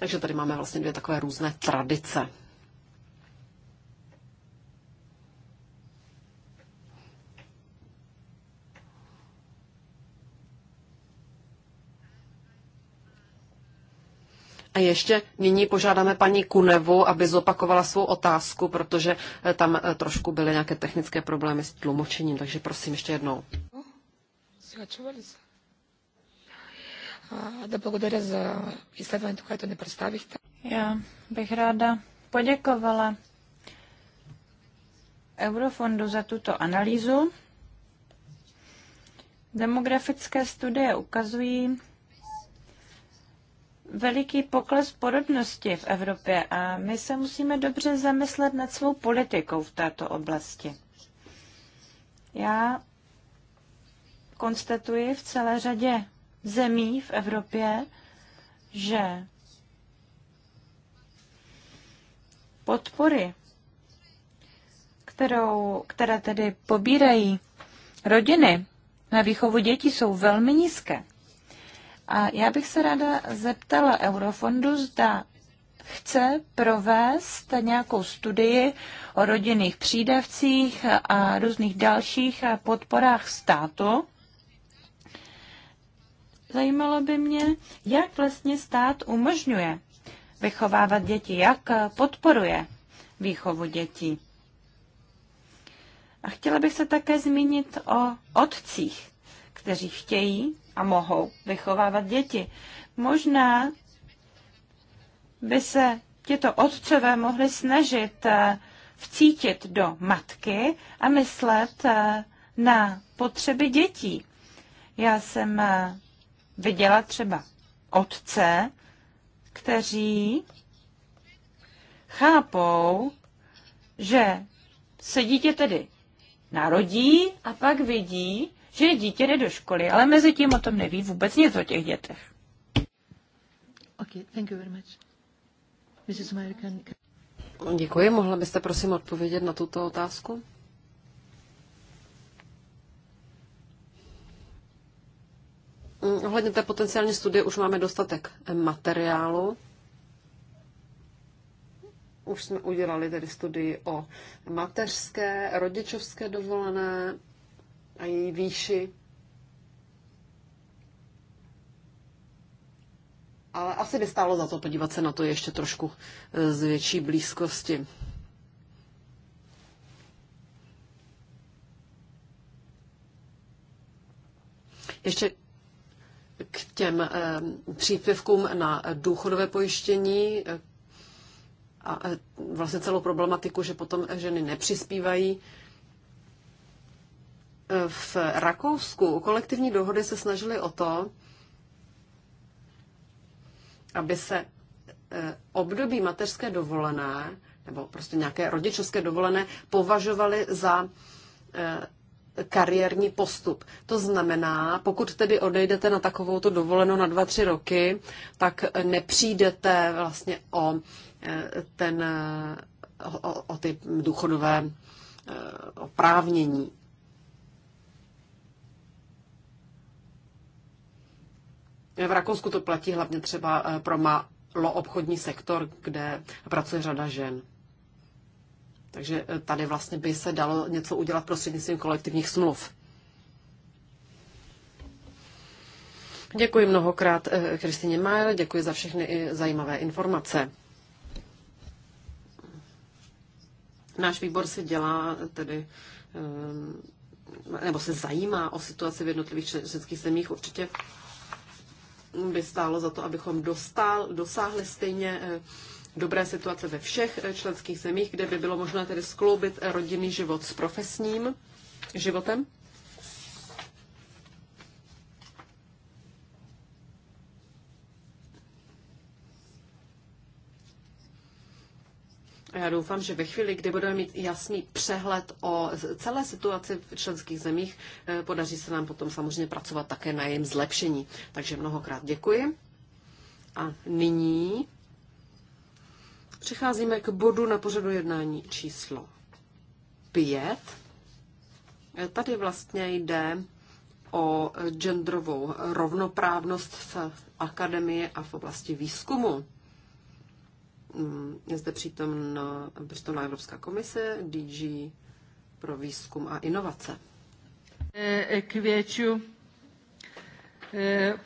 Takže tady máme vlastně dvě takové různé tradice. A ještě nyní požádáme paní Kunevu, aby zopakovala svou otázku, protože eh, tam eh, trošku byly nějaké technické problémy s tlumočením, takže prosím ještě jednou. No, да благодаря за изследването, което ни представихте. Já bych ráda poděkovala Eurofondu za tuto analýzu. Demografické studie ukazují veliký pokles porodnosti v Evropě a my se musíme dobře zamyslet nad svou politikou v této oblasti. Já konstatuji v celé řadě zemí v Evropě, že podpory, kterou, které tedy pobírají rodiny na výchovu dětí, jsou velmi nízké. A já bych se ráda zeptala Eurofondu, zda chce provést nějakou studii o rodinných přídavcích a různých dalších podporách státu, Zajímalo by mě, jak vlastně stát umožňuje vychovávat děti, jak podporuje výchovu dětí. A chtěla bych se také zmínit o otcích, kteří chtějí a mohou vychovávat děti. Možná by se tito otcové mohli snažit eh, vcítit do matky a myslet eh, na potřeby dětí. Já jsem eh, viděla třeba otce, kteří chápou, že se dítě tedy narodí a pak vidí, že dítě jde do školy, ale mezi tím o tom neví vůbec nic o těch dětech. Okay, thank you very much. Mrs. Děkuji. Mohla byste prosím odpovědět na tuto otázku? Mm, ohledně té potenciální studie už máme dostatek eh, materiálu. Už jsme udělali tedy studii o mateřské, rodičovské dovolené a její výši. Ale asi by stálo za to podívat se na to ještě trošku eh, z větší blízkosti. Ještě k těm eh, příspěvkům na důchodové pojištění eh, a eh, vlastně celou problematiku, že potom ženy nepřispívají. V Rakousku kolektivní dohody se snažily o to, aby se období mateřské dovolené nebo prostě nějaké rodičovské dovolené považovaly za kariérní postup. To znamená, pokud tedy odejdete na takovou tu dovolenou na 2-3 roky, tak nepřijdete vlastně o e, ten e, o, o ty důchodové e, oprávnění. V Rakousku to platí hlavně třeba pro malo obchodní sektor, kde pracuje řada žen. Takže eh, tady vlastně by se dalo něco udělat prostřednictvím kolektivních smluv. Děkuji mnohokrát Kristině eh, Majer, děkuji za všechny zajímavé informace. Náš výbor si dělá tedy eh, nebo se zajímá o situaci v jednotlivých českých zemích, určitě by stálo za to, abychom dostal, dosáhli stejně dobré situace ve všech eh, členských zemích, kde by bylo možné tedy skloubit eh, rodinný život s profesním životem? A já doufám, že ve chvíli, kdy budeme mít jasný přehled o celé situaci v členských zemích, eh, podaří se nám potom samozřejmě pracovat také na jejím zlepšení. Takže mnohokrát děkuji. A nyní Přecházíme k bodu na pořadu jednání číslo 5. E, tady vlastně jde o genderovou rovnoprávnost v akademii a v oblasti výzkumu. Mm, je zde přítomna, přítomna Evropská komise, DG pro výzkum a inovace. E, e, Kvěču,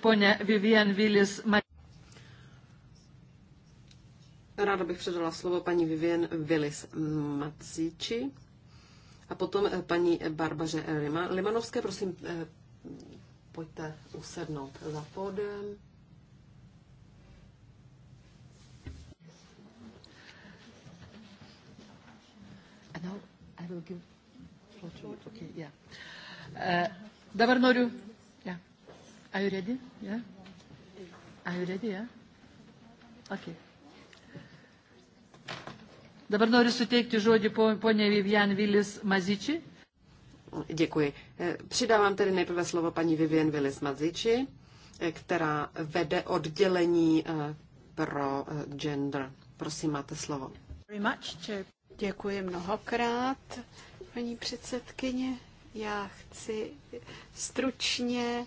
poně Vivian Willis. Ráda bych předala slovo paní Vivien Willis Macíči a potom eh, paní Barbaře Limanovské. Prosím, eh, pojďte usednout za pódem. Dobrý I will give Okay, yeah. Yeah. Are you ready? Yeah? Are you ready? Yeah? Okay. Dabar noriu suteikti žodį poně Vivian Willis Maziči. Děkuji. Eh, Přidávám tedy nejprve slovo paní Vivian Willis Mazici, eh, která vede oddělení eh, pro gender. Prosím, máte slovo. Děkuji mnohokrát, paní předsedkyně. Já chci stručně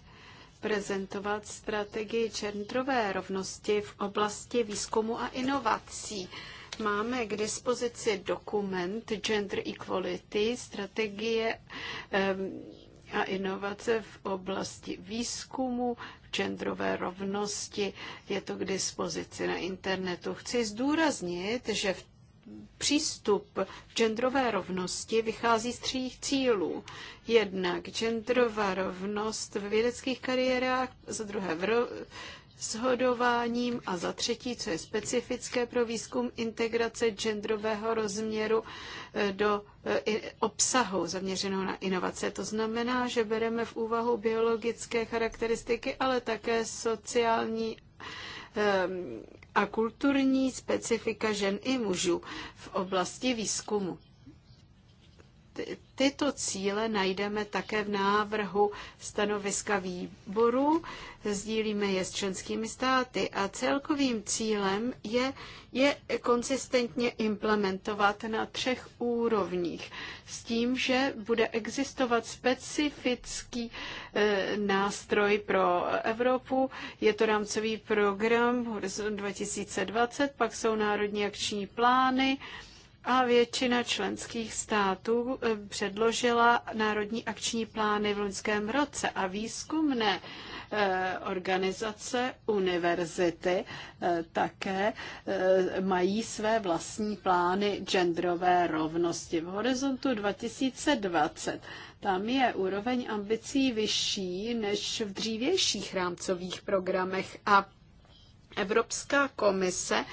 prezentovat strategii genderové rovnosti v oblasti výzkumu a inovací máme k dispozici dokument Gender Equality, strategie ehm, a inovace v oblasti výzkumu genderové rovnosti. Je to k dispozici na internetu. Chci zdůraznit, že v přístup k genderové rovnosti vychází z tří cílů. Jednak genderová rovnost v vědeckých kariérách, za druhé v shodováním a za třetí, co je specifické pro výzkum integrace genderového rozměru eh, do eh, obsahu zaměřenou na inovace. To znamená, že bereme v úvahu biologické charakteristiky, ale také sociální ehm, a kulturní specifika žen i mužů v oblasti výzkumu ty, tyto cíle najdeme také v návrhu stanoviska výboru, sdílíme je s členskými státy a celkovým cílem je, je konsistentně implementovat na třech úrovních s tím, že bude existovat specifický e, nástroj pro Evropu. Je to rámcový program Horizon 2020, pak jsou národní akční plány, e, a většina členských států eh, předložila národní akční plány v loňském roce a výzkumné eh, organizace, univerzity eh, také mají své vlastní plány genderové rovnosti. V horizontu 2020 tam je úroveň ambicí vyšší než v dřívějších rámcových programech a Evropská komise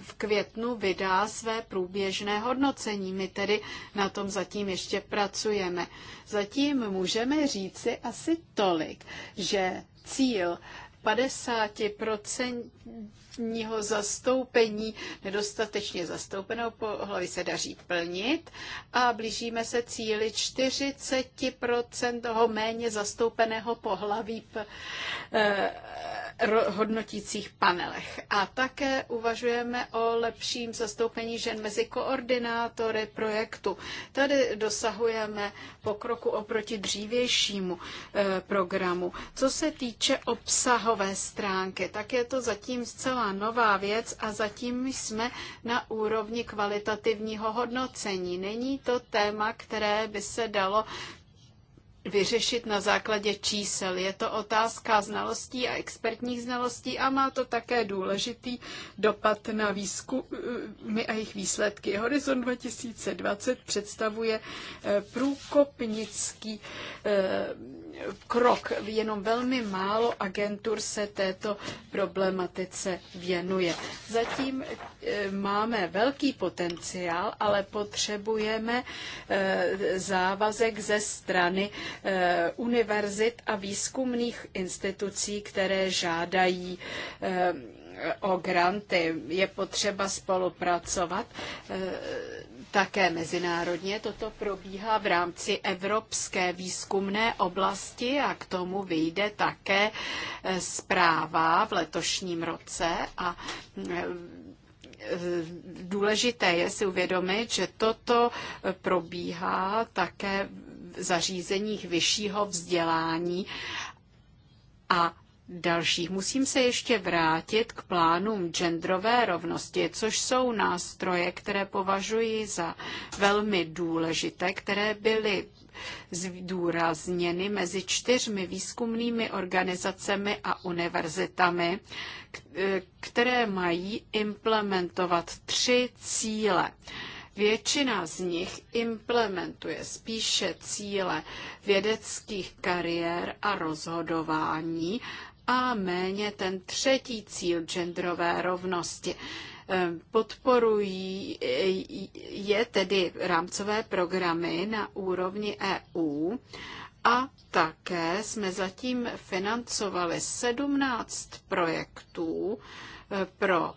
v květnu vydá své průběžné hodnocení. My tedy na tom zatím ještě pracujeme. Zatím můžeme říci asi tolik, že cíl 50% zastoupení nedostatečně zastoupenou pohlaví se daří plnit a blížíme se cíli 40% toho méně zastoupeného pohlaví eh, hodnotících panelech. A také uvažujeme o lepším zastoupení žen mezi koordinátory projektu. Tady dosahujeme pokroku oproti dřívějšímu eh, programu. Co se týče obsahové stránky, tak je to zatím zcela nová věc a zatím jsme na úrovni kvalitativního hodnocení. Není to téma, které by se dalo vyřešit na základě čísel. Je to otázka znalostí a expertních znalostí a má to také důležitý dopad na výzkumy a jejich výsledky. Horizont 2020 představuje eh, průkopnický eh, krok. Jenom velmi málo agentur se této problematice věnuje. Zatím eh, máme velký potenciál, ale potřebujeme eh, závazek ze strany eh, univerzit a výzkumných institucí, které žádají o granty. Je potřeba spolupracovat také mezinárodně toto probíhá v rámci Evropské výzkumné oblasti a k tomu vyjde také eh, zpráva v letošním roce a eh, důležité je si uvědomit, že toto probíhá také v zařízeních vyššího vzdělání a dalších. Musím se ještě vrátit k plánům genderové rovnosti, což jsou nástroje, které považuji za velmi důležité, které byly zdůrazněny mezi čtyřmi výzkumnými organizacemi a univerzitami, e, které mají implementovat tři cíle. Většina z nich implementuje spíše cíle vědeckých kariér a rozhodování a méně ten třetí cíl genderové rovnosti. Eh, podporují eh, je tedy rámcové programy na úrovni EU a také jsme zatím financovali 17 projektů eh, pro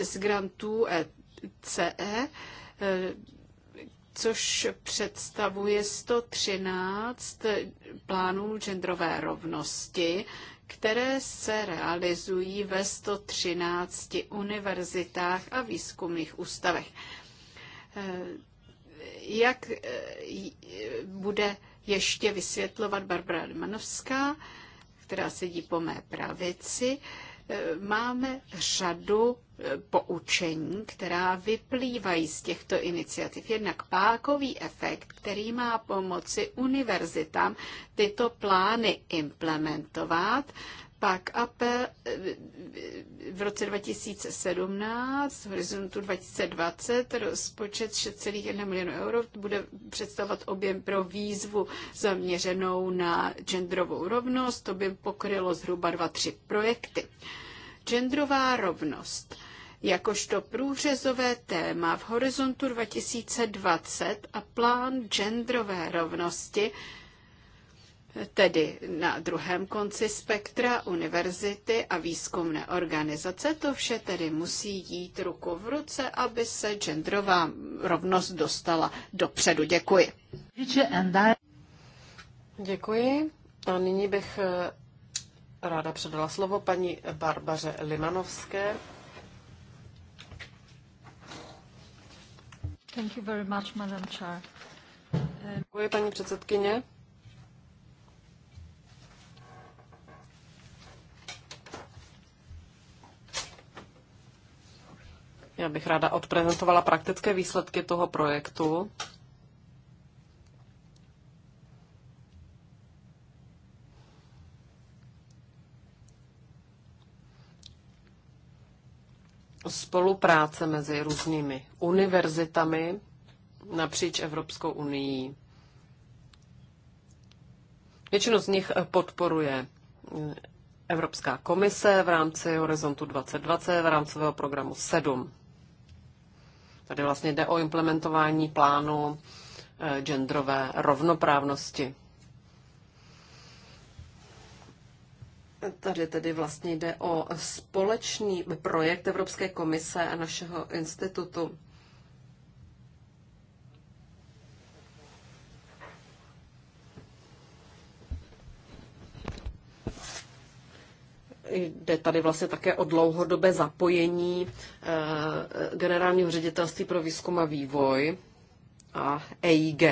z grantů ECE což představuje 113 plánů genderové rovnosti, které se realizují ve 113 univerzitách a výzkumných ústavech. Eh, jak eh, bude ještě vysvětlovat Barbara Manovská, která sedí po mé pravici, eh, máme řadu poučení, která vyplývají z těchto iniciativ. Jednak pákový efekt, který má pomoci univerzitám tyto plány implementovat, pak apel v roce 2017, v horizontu 2020, rozpočet 6,1 milionu euro bude představovat objem pro výzvu zaměřenou na genderovou rovnost. To by pokrylo zhruba 2-3 projekty. Genderová rovnost – jakožto průřezové téma v horizontu 2020 a plán genderové rovnosti, tedy na druhém konci spektra univerzity a výzkumné organizace. To vše tedy musí jít ruku v ruce, aby se genderová rovnost dostala dopředu. Děkuji. Děkuji. A nyní bych ráda předala slovo paní Barbaře Limanovské, Thank you very much, Madam Chair. Děkuji, paní předsedkyně. Já bych ráda odprezentovala praktické výsledky toho projektu. spolupráce mezi různými univerzitami napříč Evropskou unii. Většinu z nich podporuje Evropská komise v rámci Horizontu 2020 v rámcového programu 7. Tady vlastně jde o implementování plánu eh, genderové rovnoprávnosti. Tady tedy vlastně jde o společný projekt Evropské komise a našeho institutu. Jde tady vlastně také o dlouhodobé zapojení eh, generálního ředitelství pro výzkum a vývoj a EIG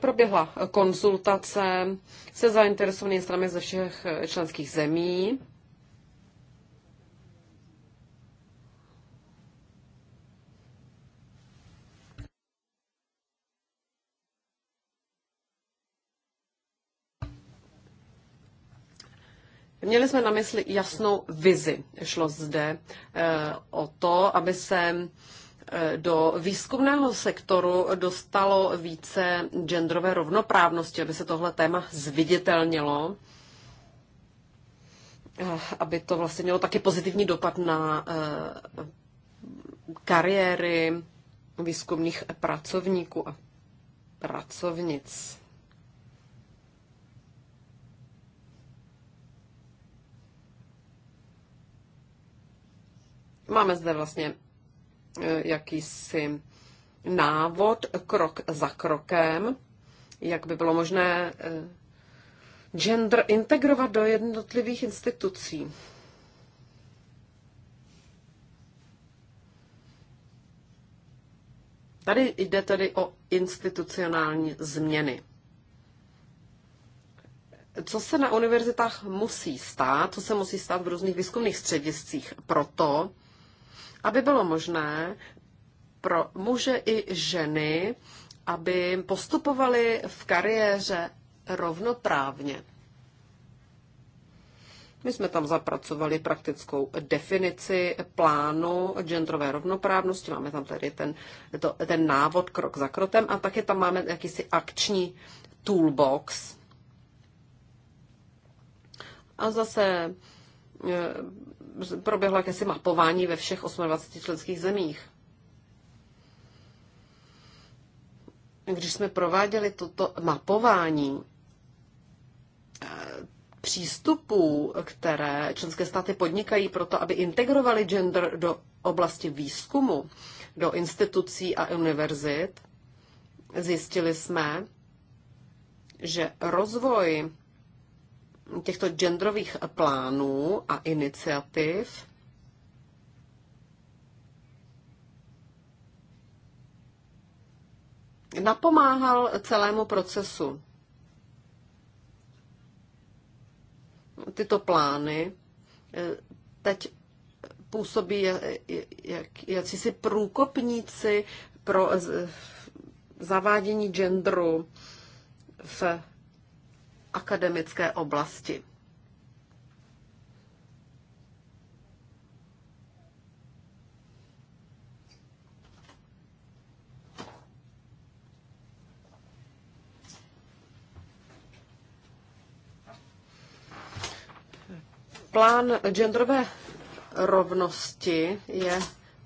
proběhla konzultace se zainteresovanými stranami ze všech eh, členských zemí. Měli jsme na mysli jasnou vizi. Šlo zde eh, o to, aby se do výzkumného sektoru dostalo více genderové rovnoprávnosti, aby se tohle téma zviditelnilo, eh, aby to vlastně mělo taky pozitivní dopad na eh, kariéry výzkumných pracovníků a pracovnic. Máme zde vlastně Eh, jakýsi návod krok za krokem, jak by bylo možné eh, gender integrovat do jednotlivých institucí. Tady jde tedy o institucionální změny. Co se na univerzitách musí stát, co se musí stát v různých výzkumných střediscích proto, aby bylo možné pro muže i ženy, aby postupovali v kariéře rovnoprávně. My jsme tam zapracovali praktickou definici plánu genderové rovnoprávnosti, máme tam tedy ten, to, ten návod krok za krotem a také tam máme jakýsi akční toolbox. A zase eh, proběhlo jakési mapování ve všech 28 členských zemích. Když jsme prováděli toto mapování eh, přístupů, které členské státy podnikají pro to, aby integrovali gender do oblasti výzkumu, do institucí a univerzit, zjistili jsme, že rozvoj těchto genderových plánů a iniciativ. Napomáhal celému procesu. Tyto plány eh, teď působí jak, si průkopníci pro zavádění genderu v akademické oblasti. Plán genderové rovnosti je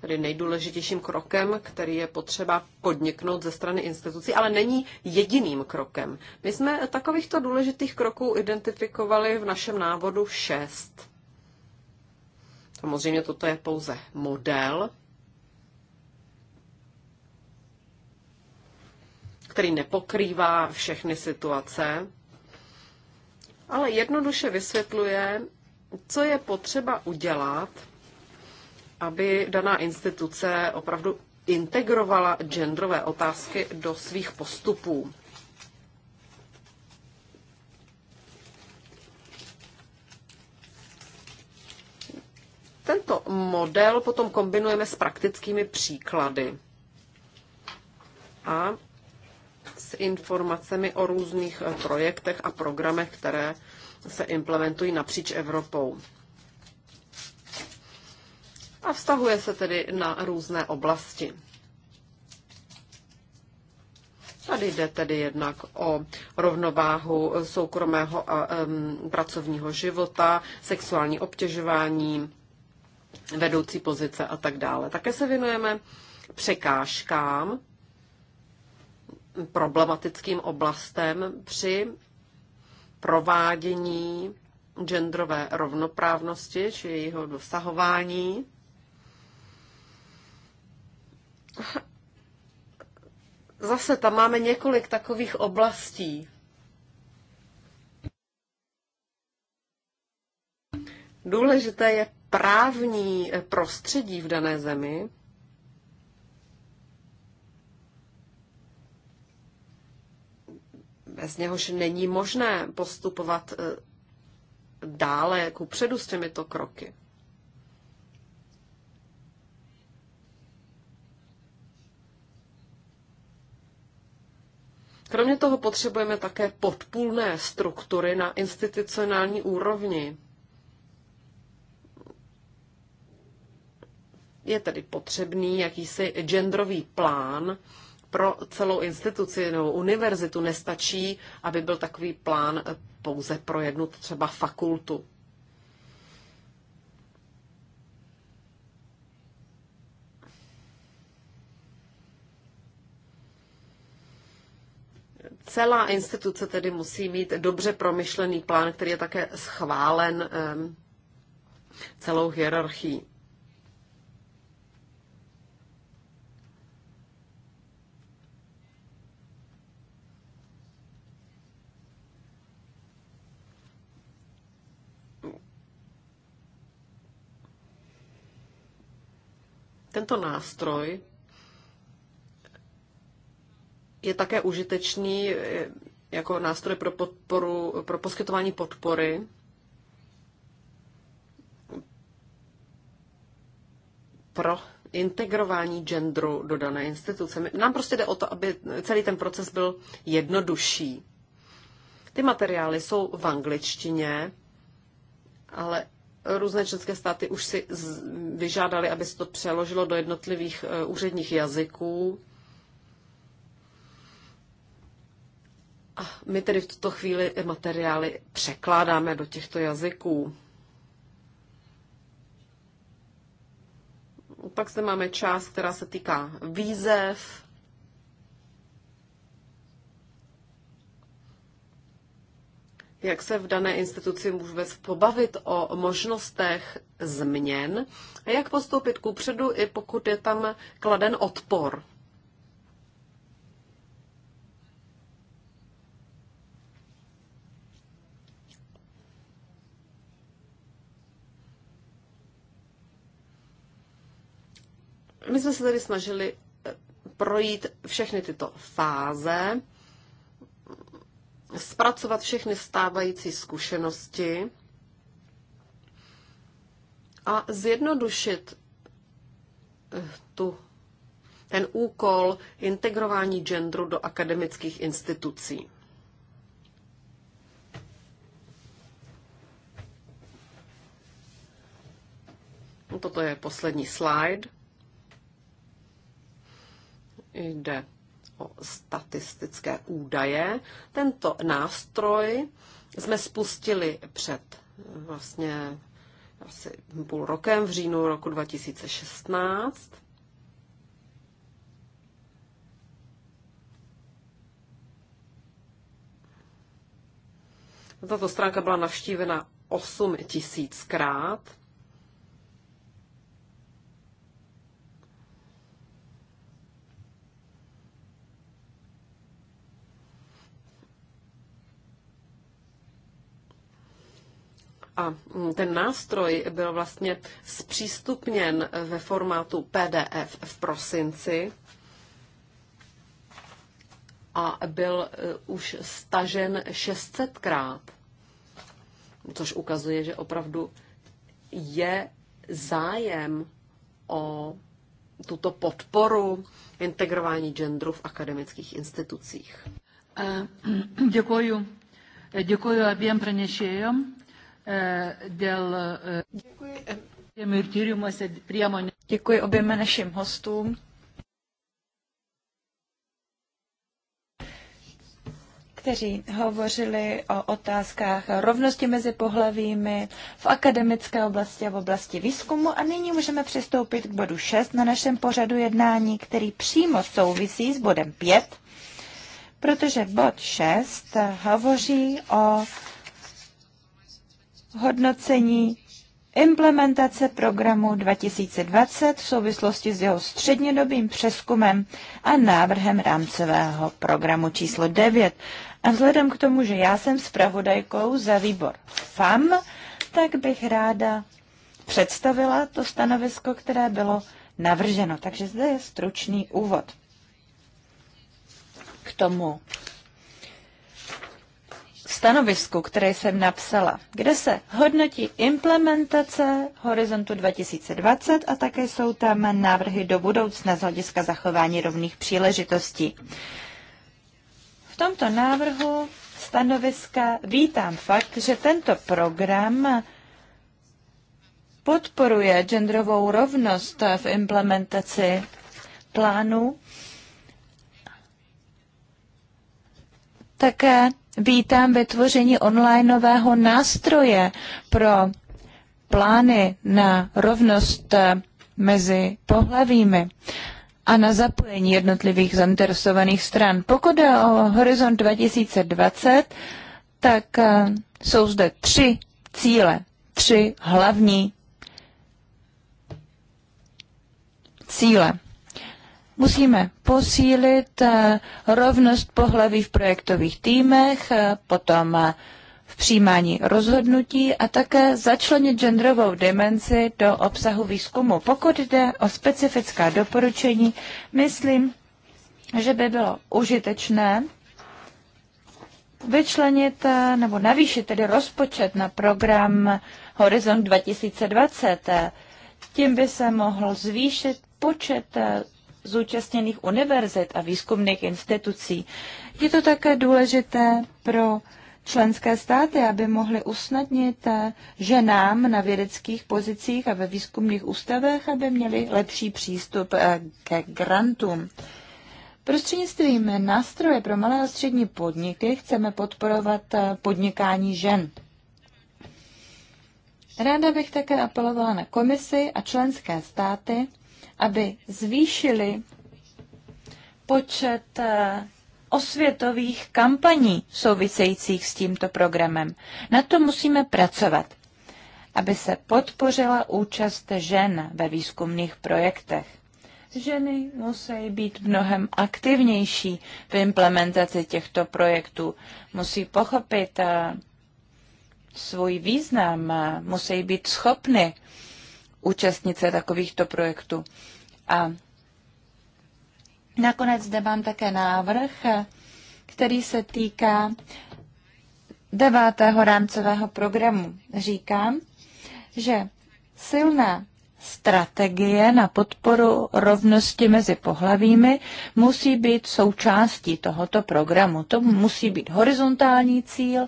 tedy nejdůležitějším krokem, který je potřeba podniknout ze strany institucí, ale není jediným krokem. My jsme takovýchto důležitých kroků identifikovali v našem návodu šest. Samozřejmě toto je pouze model, který nepokrývá všechny situace, ale jednoduše vysvětluje, co je potřeba udělat – aby daná instituce opravdu integrovala genderové otázky do svých postupů. Tento model potom kombinujeme s praktickými příklady a s informacemi o různých projektech a programech, které se implementují napříč Evropou a vztahuje se tedy na různé oblasti. Tady jde tedy jednak o rovnováhu soukromého a um, pracovního života, sexuální obtěžování, vedoucí pozice a tak dále. Také se věnujeme překážkám, problematickým oblastem při provádění genderové rovnoprávnosti či jeho dosahování. Zase tam máme několik takových oblastí. Důležité je právní prostředí v dané zemi. Bez něhož není možné postupovat eh, dále ku předu s těmito kroky. Kromě toho potřebujeme také podpůlné struktury na institucionální úrovni. Je tedy potřebný jakýsi genderový plán pro celou instituci nebo univerzitu. Nestačí, aby byl takový plán pouze pro jednu třeba fakultu. Celá instituce tedy musí mít dobře promyšlený plán, který je také schválen ehm, celou hierarchií. Tento nástroj je také užitečný eh, jako nástroj pro podporu, pro poskytování podpory pro integrování genderu do dané instituce. Nám prostě jde o to, aby celý ten proces byl jednodušší. Ty materiály jsou v angličtině, ale různé české státy už si vyžádali, aby se to přeložilo do jednotlivých eh, úředních jazyků. A my tedy v tuto chvíli materiály překládáme do těchto jazyků. Pak zde máme část, která se týká výzev. Jak se v dané instituci můžu vůbec pobavit o možnostech změn a jak postoupit kupředu, i pokud je tam kladen odpor. My jsme se tady snažili eh, projít všechny tyto fáze, zpracovat všechny stávající zkušenosti a zjednodušit eh, tu, ten úkol integrování genderu do akademických institucí. Toto je poslední slide. Jde o statistické údaje. Tento nástroj jsme spustili před vlastně asi půl rokem, v říjnu roku 2016. Tato stránka byla navštívena 8 tisíckrát. A ten nástroj byl vlastně zpřístupněn ve formátu PDF v prosinci a byl eh, už stažen 600krát, což ukazuje, že opravdu je zájem o tuto podporu integrování genderu v akademických institucích. Děkuji. Děkuji oběm pranešejům dėl Děkuji oběma našim hostům. kteří hovořili o otázkách rovnosti mezi pohlavími v akademické oblasti a v oblasti výzkumu. A nyní můžeme přistoupit k bodu 6 na našem pořadu jednání, který přímo souvisí s bodem 5, protože bod 6 hovoří o hodnocení implementace programu 2020 v souvislosti s jeho střednědobým přeskumem a návrhem rámcového programu číslo 9. A vzhledem k tomu, že já jsem zpravodajkou za výbor FAM, tak bych ráda představila to stanovisko, které bylo navrženo. Takže zde je stručný úvod k tomu stanovisku, které jsem napsala, kde se hodnotí implementace Horizontu 2020 a také jsou tam návrhy do budoucna z hlediska zachování rovných příležitostí. V tomto návrhu stanoviska vítám fakt, že tento program podporuje genderovou rovnost v implementaci plánu Také vítám vytvoření onlineového nástroje pro plány na rovnost eh, mezi pohlavími a na zapojení jednotlivých zainteresovaných stran. Pokud je o Horizont 2020, tak eh, jsou zde tři cíle, tři hlavní cíle. Musíme posílit eh, rovnost pohlaví v projektových týmech, eh, potom eh, v přijímání rozhodnutí a také začlenit genderovou dimenzi do obsahu výzkumu. Pokud jde o specifická doporučení, myslím, že by bylo užitečné vyčlenit nebo navýšit tedy rozpočet na program Horizont 2020. Tím by se mohl zvýšit počet zúčastněných univerzit a výzkumných institucí. Je to také důležité pro členské státy, aby mohly usnadnit eh, ženám na vědeckých pozicích a ve výzkumných ústavech, aby měli lepší přístup eh, ke grantům. Prostřednictvím nástroje pro malé a střední podniky chceme podporovat eh, podnikání žen. Ráda bych také apelovala na komisi a členské státy, aby zvýšili počet eh, osvětových kampaní souvisejících s tímto programem. Na to musíme pracovat, aby se podpořila účast žen ve výzkumných projektech. Ženy musí být mnohem aktivnější v implementaci těchto projektů, musí pochopit eh, svůj význam, eh, musí být schopny účastnit se takovýchto projektů. A nakonec zde mám také návrh, který se týká devátého rámcového programu. Říkám, že silná strategie na podporu rovnosti mezi pohlavími musí být součástí tohoto programu. To musí být horizontální cíl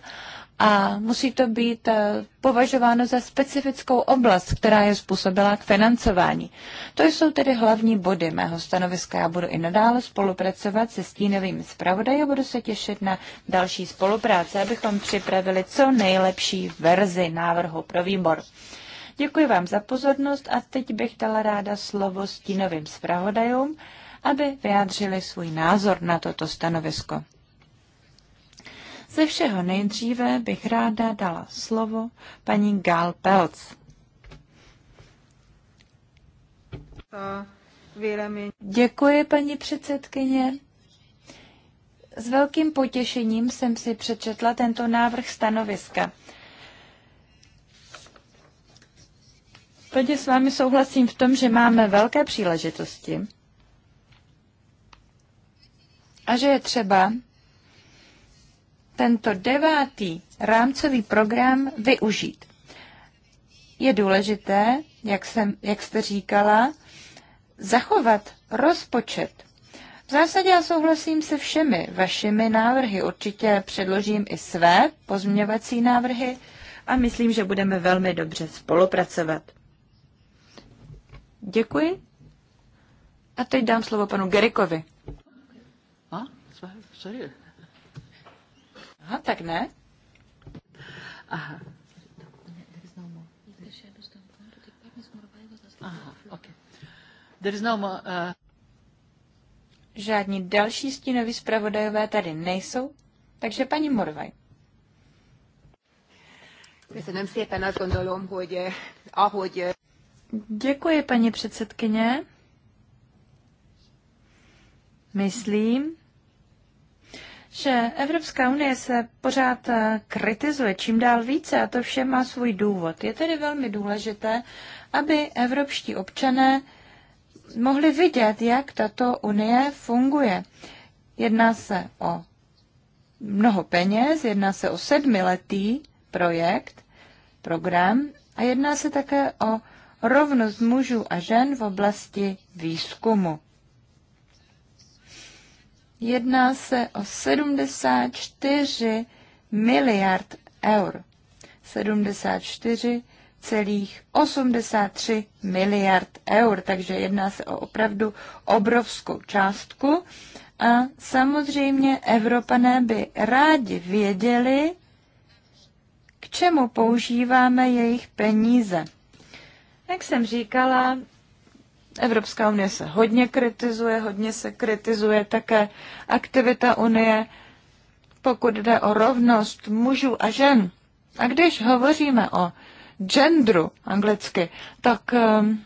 a musí to být eh, považováno za specifickou oblast, která je způsobila k financování. To jsou tedy hlavní body mého stanoviska. Já budu i nadále spolupracovat se stínovým zpravodaji a budu se těšit na další spolupráce, abychom připravili co nejlepší verzi návrhu pro výbor. Děkuji vám za pozornost a teď bych dala ráda slovo stínovým zpravodajům, aby vyjádřili svůj názor na toto stanovisko. Ze všeho nejdříve bych ráda dala slovo paní Gál Pelc. Děkuji, paní předsedkyně. S velkým potěšením jsem si přečetla tento návrh stanoviska. Plně s vámi souhlasím v tom, že máme velké příležitosti a že je třeba tento devátý rámcový program využít. Je důležité, jak, jsem, jak jste říkala, zachovat rozpočet. V zásadě já souhlasím se všemi vašimi návrhy. Určitě předložím i své pozměňovací návrhy a myslím, že budeme velmi dobře spolupracovat. Děkuji. A teď dám slovo panu Gerikovi. A? Sorry. Aha, tak ne? Aha. Aha, okay. There is no more, uh... Žádní další stínoví zpravodajové tady nejsou, takže paní Morvaj. Eh, eh, Děkuji, paní předsedkyně. Myslím, že Evropská unie se pořád eh, kritizuje čím dál více a to vše má svůj důvod. Je tedy velmi důležité, aby evropští občané mohli vidět, jak tato unie funguje. Jedná se o mnoho peněz, jedná se o sedmiletý projekt, program a jedná se také o rovnost mužů a žen v oblasti výzkumu. Jedná se o 74 miliard eur. 74,83 miliard eur, takže jedná se o opravdu obrovskou částku. A samozřejmě Evropané by rádi věděli, k čemu používáme jejich peníze. Jak jsem říkala, Evropská unie se hodně kritizuje, hodně se kritizuje také aktivita unie, pokud jde o rovnost mužů a žen. A když hovoříme o genderu anglicky, tak um,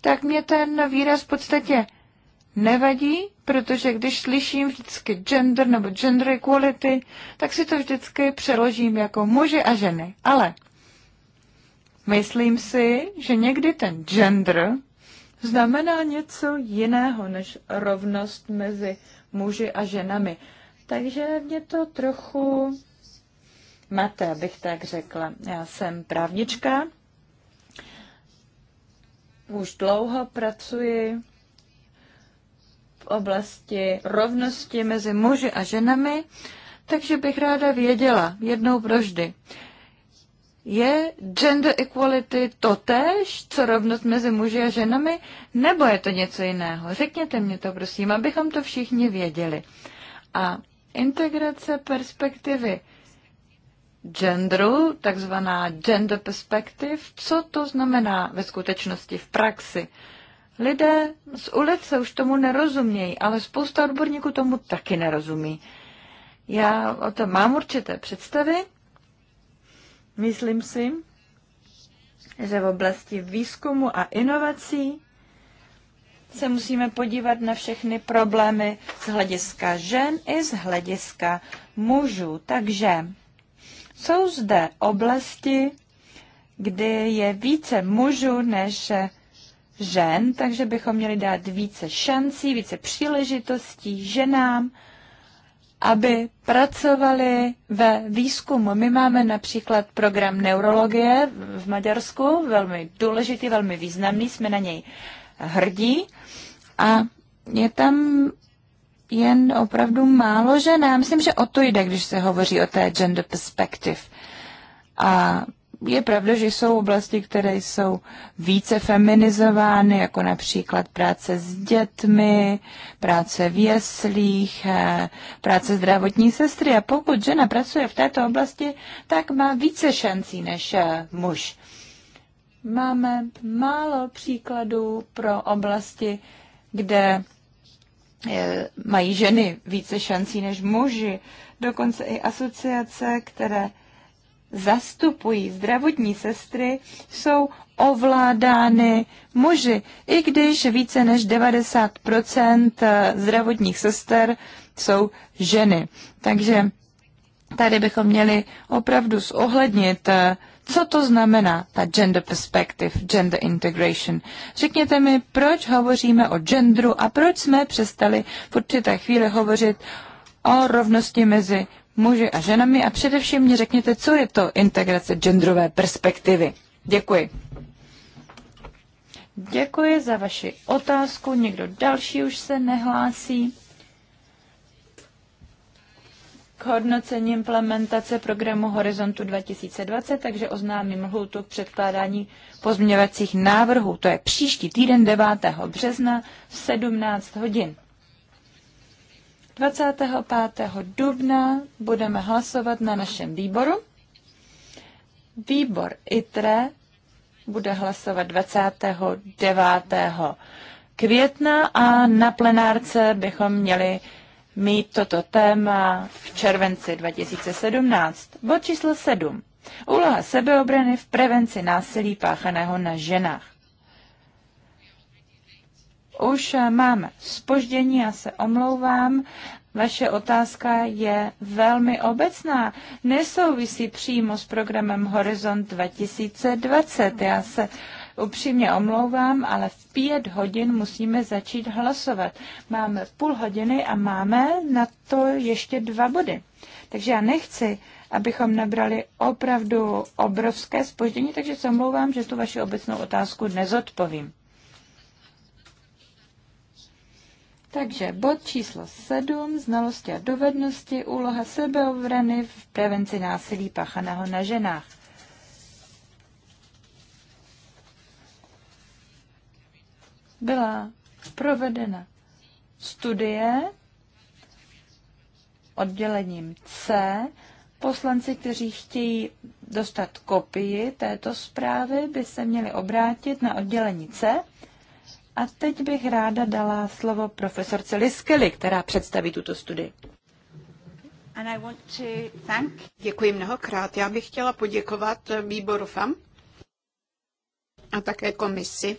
tak mě ten výraz v podstatě nevadí, protože když slyším vždycky gender nebo gender equality, tak si to vždycky přeložím jako muži a ženy. Ale Myslím si, že někdy ten gender znamená něco jiného než rovnost mezi muži a ženami. Takže mě to trochu mate, abych tak řekla. Já jsem právnička, už dlouho pracuji v oblasti rovnosti mezi muži a ženami, takže bych ráda věděla jednou proždy, je gender equality totéž, co rovnost mezi muži a ženami, nebo je to něco jiného? Řekněte mě to, prosím, abychom to všichni věděli. A integrace perspektivy genderu, takzvaná gender perspective, co to znamená ve skutečnosti, v praxi? Lidé z ulice už tomu nerozumějí, ale spousta odborníků tomu taky nerozumí. Já o tom mám určité představy, Myslím si, že v oblasti výzkumu a inovací se musíme podívat na všechny problémy z hlediska žen i z hlediska mužů. Takže jsou zde oblasti, kdy je více mužů než žen, takže bychom měli dát více šancí, více příležitostí ženám aby pracovali ve výzkumu. My máme například program neurologie v Maďarsku, velmi důležitý, velmi významný, jsme na něj hrdí. A je tam jen opravdu málo žen. Já myslím, že o to jde, když se hovoří o té gender perspective. A je pravda, že jsou oblasti, které jsou více feminizovány, jako například práce s dětmi, práce v jeslích, eh, práce zdravotní sestry. A pokud žena pracuje v této oblasti, tak má více šancí než eh, muž. Máme málo příkladů pro oblasti, kde eh, mají ženy více šancí než muži. Dokonce i asociace, které zastupují zdravotní sestry, jsou ovládány muži, i když více než 90 eh, zdravotních sester jsou ženy. Takže tady bychom měli opravdu zohlednit, eh, co to znamená ta gender perspective, gender integration. Řekněte mi, proč hovoříme o genderu a proč jsme přestali v určité chvíli hovořit o rovnosti mezi muži a ženami a především mě řekněte, co je to integrace genderové perspektivy. Děkuji. Děkuji za vaši otázku. Někdo další už se nehlásí. K hodnocení implementace programu Horizontu 2020, takže oznámím lhůtu k předkládání pozměňovacích návrhů. To je příští týden 9. března v 17 hodin. 25. dubna budeme hlasovat na našem výboru. Výbor ITRE bude hlasovat 29. května a na plenárce bychom měli mít toto téma v červenci 2017. Bod číslo 7. Úloha sebeobrany v prevenci násilí páchaného na ženách. Už eh, máme spoždění, já se omlouvám. Vaše otázka je velmi obecná, nesouvisí přímo s programem Horizont 2020. Já se upřímně omlouvám, ale v pět hodin musíme začít hlasovat. Máme půl hodiny a máme na to ještě dva body. Takže já nechci, abychom nabrali opravdu obrovské spoždění, takže se omlouvám, že tu vaši obecnou otázku nezodpovím. Takže bod číslo 7, znalosti a dovednosti, úloha sebeobrany v prevenci násilí páchaného na ženách. Byla provedena studie oddělením C. Poslanci, kteří chtějí dostat kopii této zprávy, by se měli obrátit na oddělení C a teď bych ráda dala slovo profesorce Liskely, která představí tuto studii. Děkuji mnohokrát. Já bych chtěla poděkovat výboru FAM a také komisi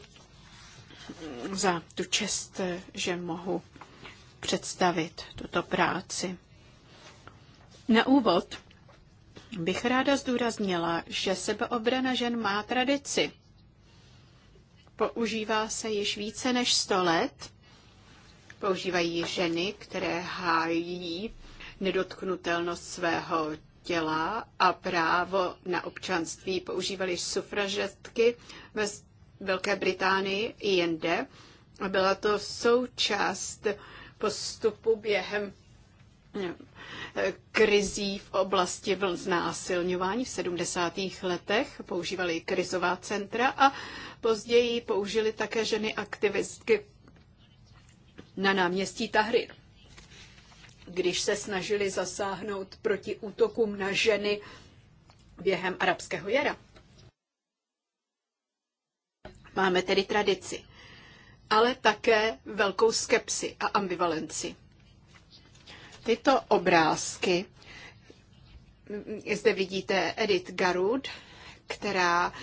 za tu čest, že mohu představit tuto práci. Na úvod bych ráda zdůraznila, že sebeobrana žen má tradici Používá se již více než 100 let. Používají ženy, které hájí nedotknutelnost svého těla a právo na občanství. Používali sufražetky ve Velké Británii i jinde. Byla to součást postupu během krizí v oblasti vln znásilňování v 70. letech. Používali krizová centra a později použili také ženy aktivistky na náměstí Tahrir, když se snažili zasáhnout proti útokům na ženy během arabského jara. Máme tedy tradici, ale také velkou skepsi a ambivalenci Tyto obrázky, zde vidíte Edith Garud, která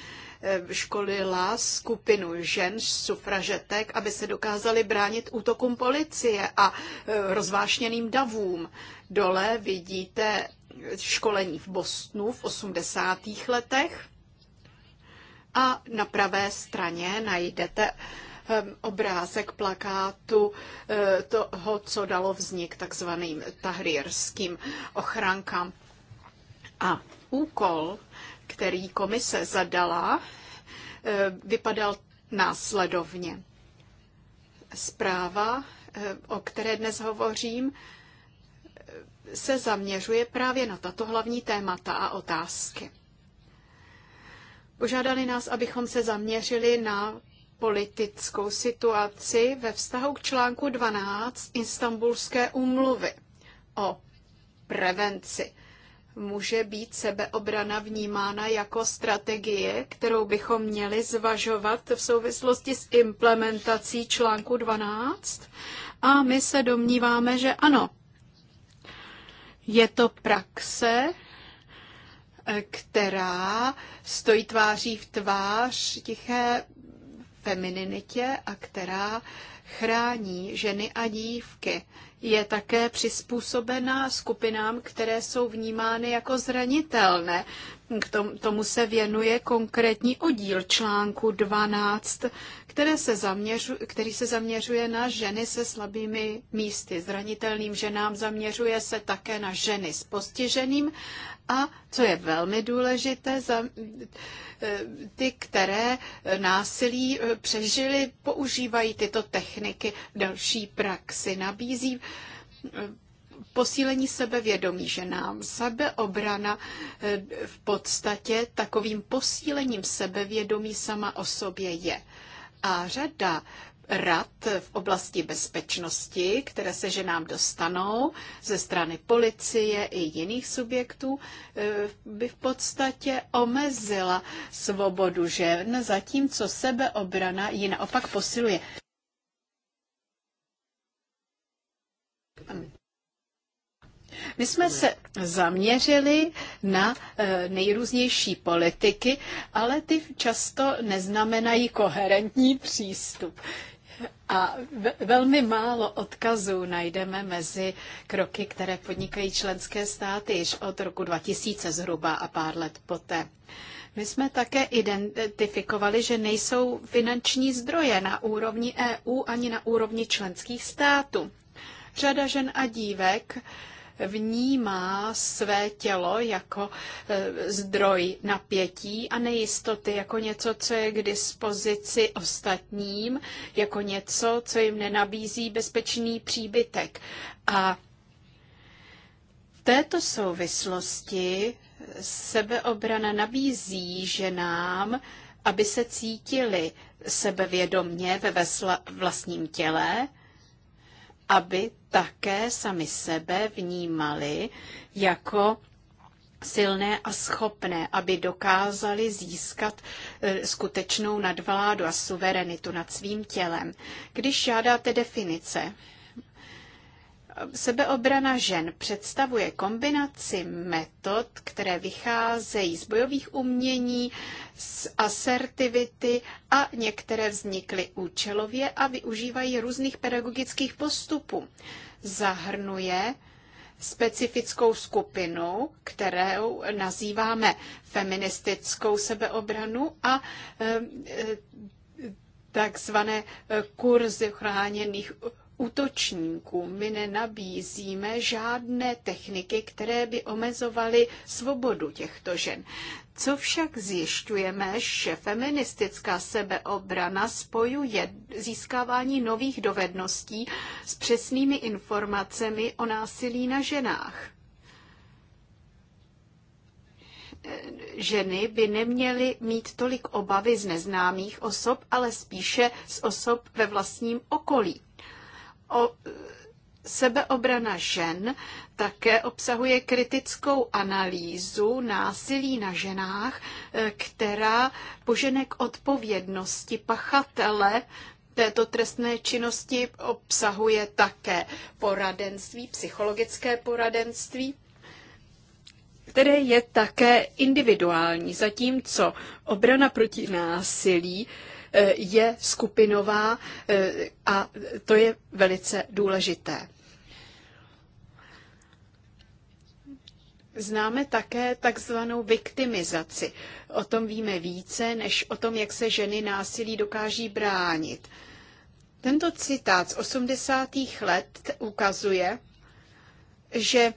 eh, školila skupinu žen sufražetek, aby se dokázali bránit útokům policie a eh, rozvášněným davům. Dole vidíte školení v Bostonu v 80. letech a na pravé straně najdete Eh, obrázek plakátu eh, toho, co dalo vznik takzvaným tahrierským ochránkám. A úkol, který komise zadala, eh, vypadal následovně. Zpráva, o které dnes hovořím, se zaměřuje právě na tato hlavní témata a otázky. Požádali nás, abychom se zaměřili na politickou situaci ve vztahu k článku 12 Istanbulské úmluvy o prevenci. Může být sebeobrana vnímána jako strategie, kterou bychom měli zvažovat v souvislosti s implementací článku 12? A my se domníváme, že ano. Je to praxe, eh, která stojí tváří v tvář tiché femininitě a která chrání ženy a dívky. Je také přizpůsobená skupinám, které jsou vnímány jako zranitelné. K tomu se věnuje konkrétní oddíl článku 12, které se zaměřu, který se zaměřuje na ženy se slabými místy, zranitelným ženám, zaměřuje se také na ženy s postižením a, co je velmi důležité, za, e, ty, které násilí e, přežily, používají tyto techniky v další praxi. Nabízí e, posílení sebevědomí ženám, sebeobrana v podstatě takovým posílením sebevědomí sama o sobě je. A řada rad v oblasti bezpečnosti, které se ženám dostanou ze strany policie i jiných subjektů, eh, by v podstatě omezila svobodu žen, zatímco sebeobrana ji naopak posiluje. My jsme se zaměřili na eh, nejrůznější politiky, ale ty často neznamenají koherentní přístup. A velmi málo odkazů najdeme mezi kroky, které podnikají členské státy již od roku 2000 zhruba a pár let poté. My jsme také identifikovali, že nejsou finanční zdroje na úrovni EU ani na úrovni členských států. Řada žen a dívek vnímá své tělo jako e, zdroj napětí a nejistoty, jako něco, co je k dispozici ostatním, jako něco, co jim nenabízí bezpečný příbytek. A v této souvislosti sebeobrana nabízí ženám, aby se cítili sebevědomně ve vlastním těle, aby také sami sebe vnímali jako silné a schopné, aby dokázali získat e, skutečnou nadvládu a suverenitu nad svým tělem. Když žádáte definice, Sebeobrana žen představuje kombinaci metod, které vycházejí z bojových umění, z asertivity a některé vznikly účelově a využívají různých pedagogických postupů. Zahrnuje specifickou skupinu, kterou nazýváme feministickou sebeobranu a e, e, takzvané kurzy chráněných útočníkům. My nenabízíme žádné techniky, které by omezovaly svobodu těchto žen. Co však zjišťujeme, že feministická sebeobrana spojuje získávání nových dovedností s přesnými informacemi o násilí na ženách. ženy by neměly mít tolik obavy z neznámých osob, ale spíše z osob ve vlastním okolí o sebeobrana žen také obsahuje kritickou analýzu násilí na ženách, e, která požene k odpovědnosti pachatele této trestné činnosti obsahuje také poradenství, psychologické poradenství, které je také individuální, zatímco obrana proti násilí Eh, je skupinová eh, a to je velice důležité. Známe také takzvanou viktimizaci. O tom víme více, než o tom, jak se ženy násilí dokáží bránit. Tento citát z 80. let ukazuje, že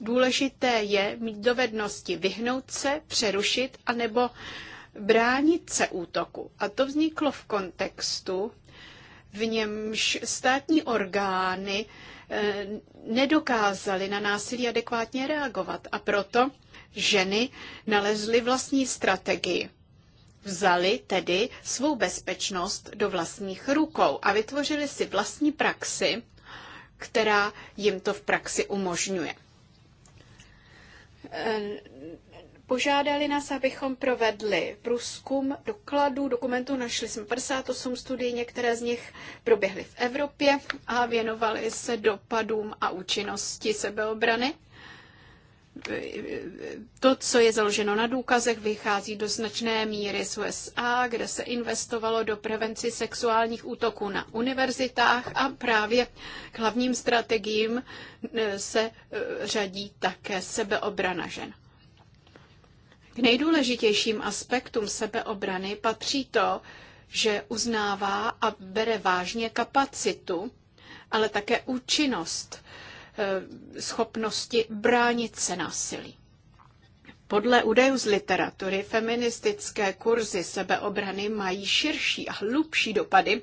důležité je mít dovednosti vyhnout se, přerušit anebo bránit se útoku. A to vzniklo v kontextu, v němž státní orgány eh, nedokázaly na násilí adekvátně reagovat. A proto ženy nalezly vlastní strategii. Vzali tedy svou bezpečnost do vlastních rukou a vytvořili si vlastní praxi, která jim to v praxi umožňuje. Eh, Požádali nás, abychom provedli průzkum dokladů, dokumentů. Našli jsme 58 studií, některé z nich proběhly v Evropě a věnovali se dopadům a účinnosti sebeobrany. To, co je založeno na důkazech, vychází do značné míry z USA, kde se investovalo do prevenci sexuálních útoků na univerzitách a právě k hlavním strategiím eh, se eh, řadí také sebeobrana žen. K nejdůležitějším aspektům sebeobrany patří to, že uznává a bere vážně kapacitu, ale také účinnost eh, schopnosti bránit se násilí. Podle údajů z literatury feministické kurzy sebeobrany mají širší a hlubší dopady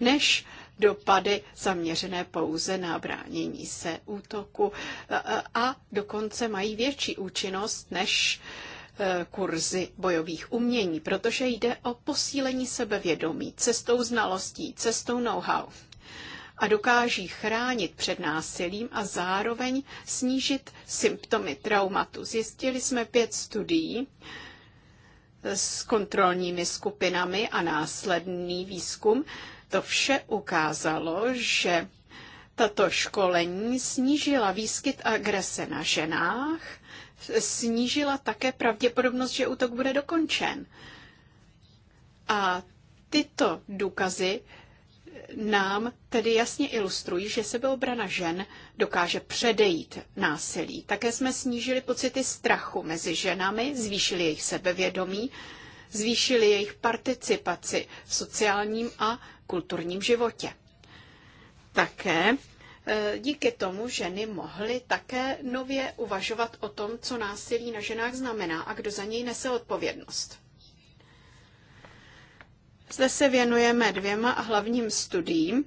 než dopady zaměřené pouze na bránění se útoku eh, eh, a dokonce mají větší účinnost než uh, Eh, kurzy bojových umění, protože jde o posílení sebevědomí cestou znalostí, cestou know-how a dokáží chránit před násilím a zároveň snížit symptomy traumatu. Zjistili jsme pět studií eh, s kontrolními skupinami a následný výzkum. To vše ukázalo, že tato školení snížila výskyt agrese na ženách snížila také pravděpodobnost, že útok bude dokončen. A tyto důkazy nám tedy jasně ilustrují, že sebeobrana žen dokáže předejít násilí. Také jsme snížili pocity strachu mezi ženami, zvýšili jejich sebevědomí, zvýšili jejich participaci v sociálním a kulturním životě. Také E, díky tomu ženy mohly také nově uvažovat o tom, co násilí na ženách znamená a kdo za něj nese odpovědnost. Zde se věnujeme dvěma hlavním studiím.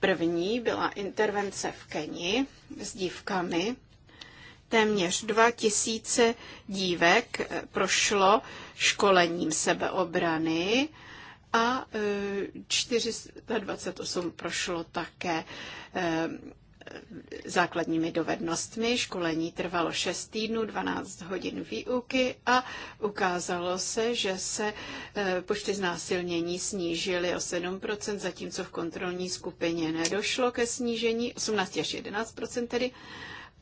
První byla intervence v Keni s dívkami. Téměř 2000 dívek e, prošlo školením sebeobrany a 428 e, prošlo také e, základními dovednostmi. Školení trvalo 6 týdnů, 12 hodin výuky a ukázalo se, že se e, počty znásilnění snížily o 7%, zatímco v kontrolní skupině nedošlo ke snížení, 18 až 11% tedy,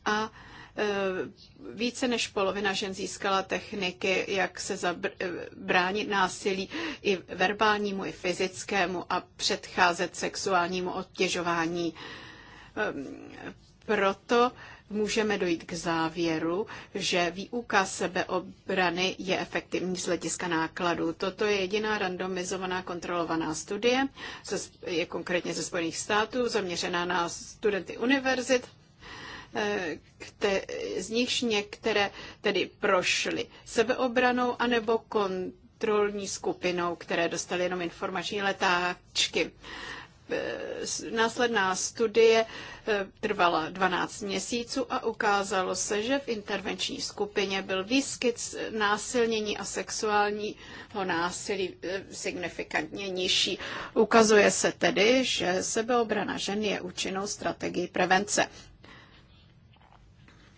a Eh, více než polovina žen získala techniky, jak se zabránit eh, násilí i verbálnímu, i fyzickému a předcházet sexuálnímu odtěžování. Eh, proto můžeme dojít k závěru, že výuka sebeobrany je efektivní z hlediska nákladů. Toto je jediná randomizovaná kontrolovaná studie, je konkrétně ze Spojených států, zaměřená na studenty univerzit z nichž některé tedy prošly sebeobranou anebo kontrolní skupinou, které dostaly jenom informační letáčky. E, následná studie e, trvala 12 měsíců a ukázalo se, že v intervenční skupině byl výskyt násilnění a sexuálního násilí e, signifikantně nižší. Ukazuje se tedy, že sebeobrana žen je účinnou strategií prevence.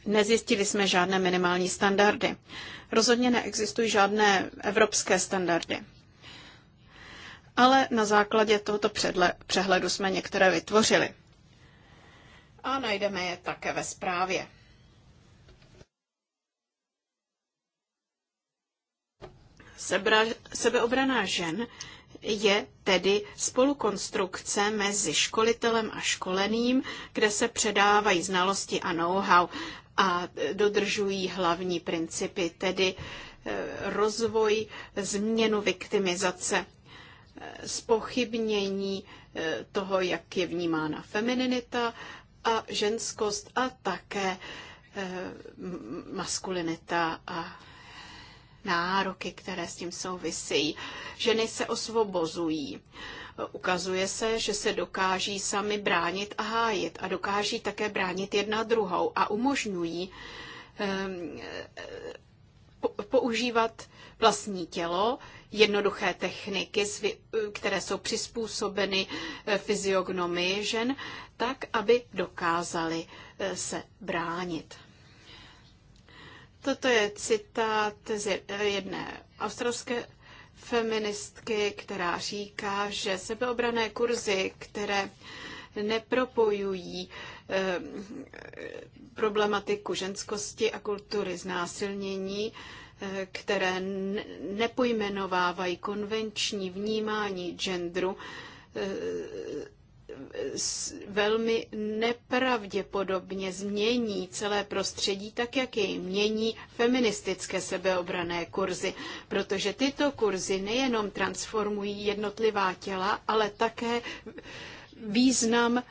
Nezjistili jsme žádné minimální standardy. Rozhodně neexistují žádné evropské standardy. Ale na základě tohoto předle, přehledu jsme některé vytvořili. A najdeme je také ve zprávě. Sebra, sebeobraná žen je tedy spolukonstrukce mezi školitelem a školeným, kde se předávají znalosti a know-how a dodržují hlavní principy, tedy eh, rozvoj, změnu viktimizace, eh, spochybnění eh, toho, jak je vnímána femininita a ženskost a také maskulinita a nároky, které s tím souvisejí. Ženy se osvobozují Ukazuje se, že se dokáží sami bránit a hájit a dokáží také bránit jedna druhou a umožňují ehm, eh, používat vlastní tělo, jednoduché techniky, které jsou přizpůsobeny eh, fyziognomii žen, tak, aby dokázali eh, se bránit. Toto je citát z jedné australské feministky, která říká, že sebeobrané kurzy, které nepropojují eh, problematiku ženskosti a kultury znásilnění, eh, které nepojmenovávají konvenční vnímání genderu, eh, velmi nepravděpodobně změní celé prostředí, tak jak jej mění feministické sebeobrané kurzy. Protože tyto kurzy nejenom transformují jednotlivá těla, ale také význam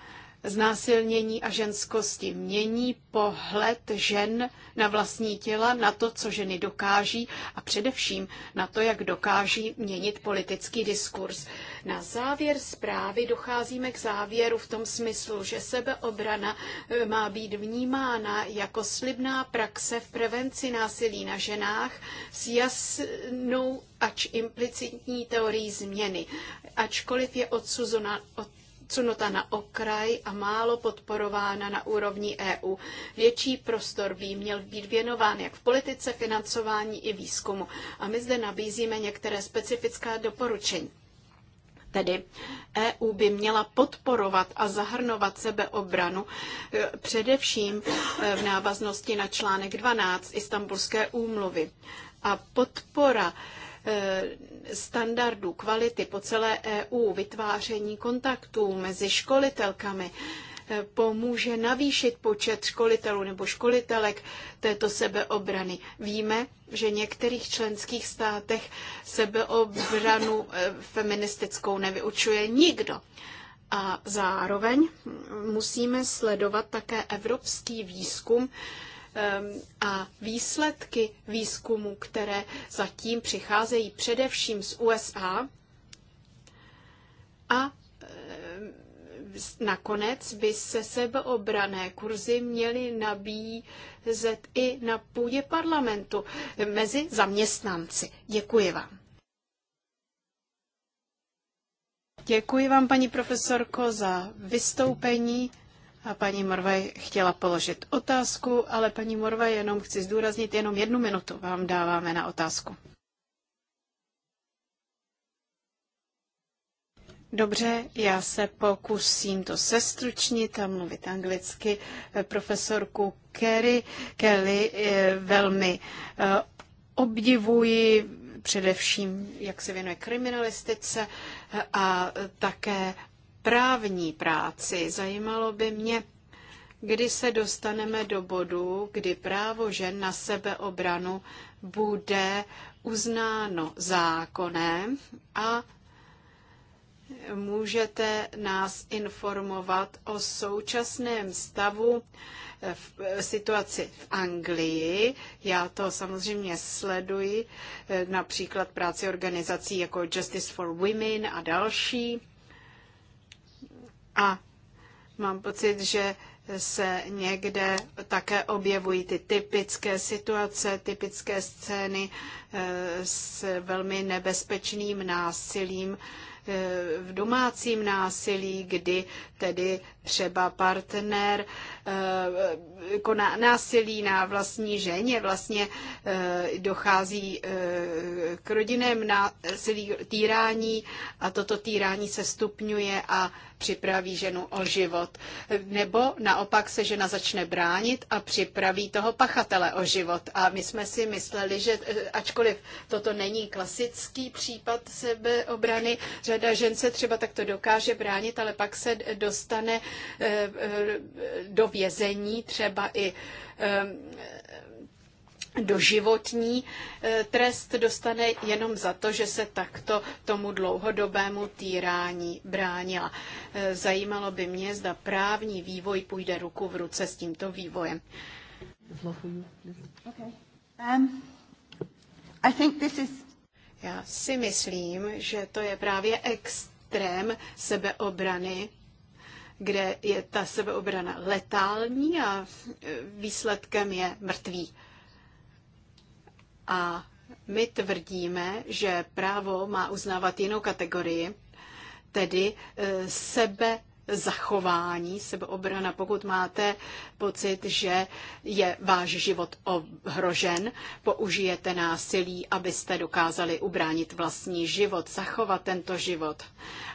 znásilnění a ženskosti. Mění pohled žen na vlastní těla, na to, co ženy dokáží a především na to, jak dokáží měnit politický diskurs. Na závěr zprávy docházíme k závěru v tom smyslu, že sebeobrana eh, má být vnímána jako slibná praxe v prevenci násilí na ženách s jasnou ač implicitní teorií změny, ačkoliv je odsuzona od cunota na okraj a málo podporována na úrovni EU. Větší prostor by měl být věnován jak v politice, financování i výzkumu. A my zde nabízíme některé specifická doporučení. Tedy EU by měla podporovat a zahrnovat sebeobranu e, především e, v návaznosti na článek 12 Istanbulské úmluvy. A podpora e, standardů kvality po celé EU, vytváření kontaktů mezi školitelkami, pomůže navýšit počet školitelů nebo školitelek této sebeobrany. Víme, že v některých členských státech sebeobranu eh, feministickou nevyučuje nikdo. A zároveň musíme sledovat také evropský výzkum ehm, a výsledky výzkumu, které zatím přicházejí především z USA a Nakonec by se sebeobrané kurzy měly nabízet i na půdě parlamentu mezi zaměstnanci. Děkuji vám. Děkuji vám, paní profesorko, za vystoupení. A paní Morvaj chtěla položit otázku, ale paní Morvaj jenom chci zdůraznit, jenom jednu minutu vám dáváme na otázku. Dobře, já se pokusím to sestručnit a mluvit anglicky. Eh, profesorku Kerry, Kelly eh, velmi eh, obdivuji, především jak se věnuje kriminalistice a také právní práci. Zajímalo by mě, kdy se dostaneme do bodu, kdy právo žen na sebeobranu bude uznáno zákonem a můžete nás informovat o současném stavu eh, v eh, situaci v Anglii. Já to samozřejmě sleduji, eh, například práci organizací jako Justice for Women a další. A mám pocit, že se někde také objevují ty typické situace, typické scény s velmi nebezpečným násilím v domácím násilí, kdy tedy třeba partner eh, koná jako násilí na vlastní ženě, vlastně eh, dochází eh, k rodinném násilí, týrání a toto týrání se stupňuje a připraví ženu o život. Nebo naopak se žena začne bránit a připraví toho pachatele o život. A my jsme si mysleli, že ačkoliv toto není klasický případ sebeobrany, řada žen se třeba takto dokáže bránit, ale pak se dostane Eh, eh, do vězení, třeba i eh, doživotní trest dostane jenom za to, že se takto tomu dlouhodobému týrání bránila. Zajímalo by mě, zda právní vývoj půjde ruku v ruce s tímto vývojem. Um, Já si myslím, že to je právě extrém sebeobrany kde je ta sebeobrana letální a e, výsledkem je mrtvý. A my tvrdíme, že právo má uznávat jinou kategorii, tedy e, sebe zachování, sebeobrana, pokud máte pocit, že je váš život ohrožen, použijete násilí, abyste dokázali ubránit vlastní život, zachovat tento život.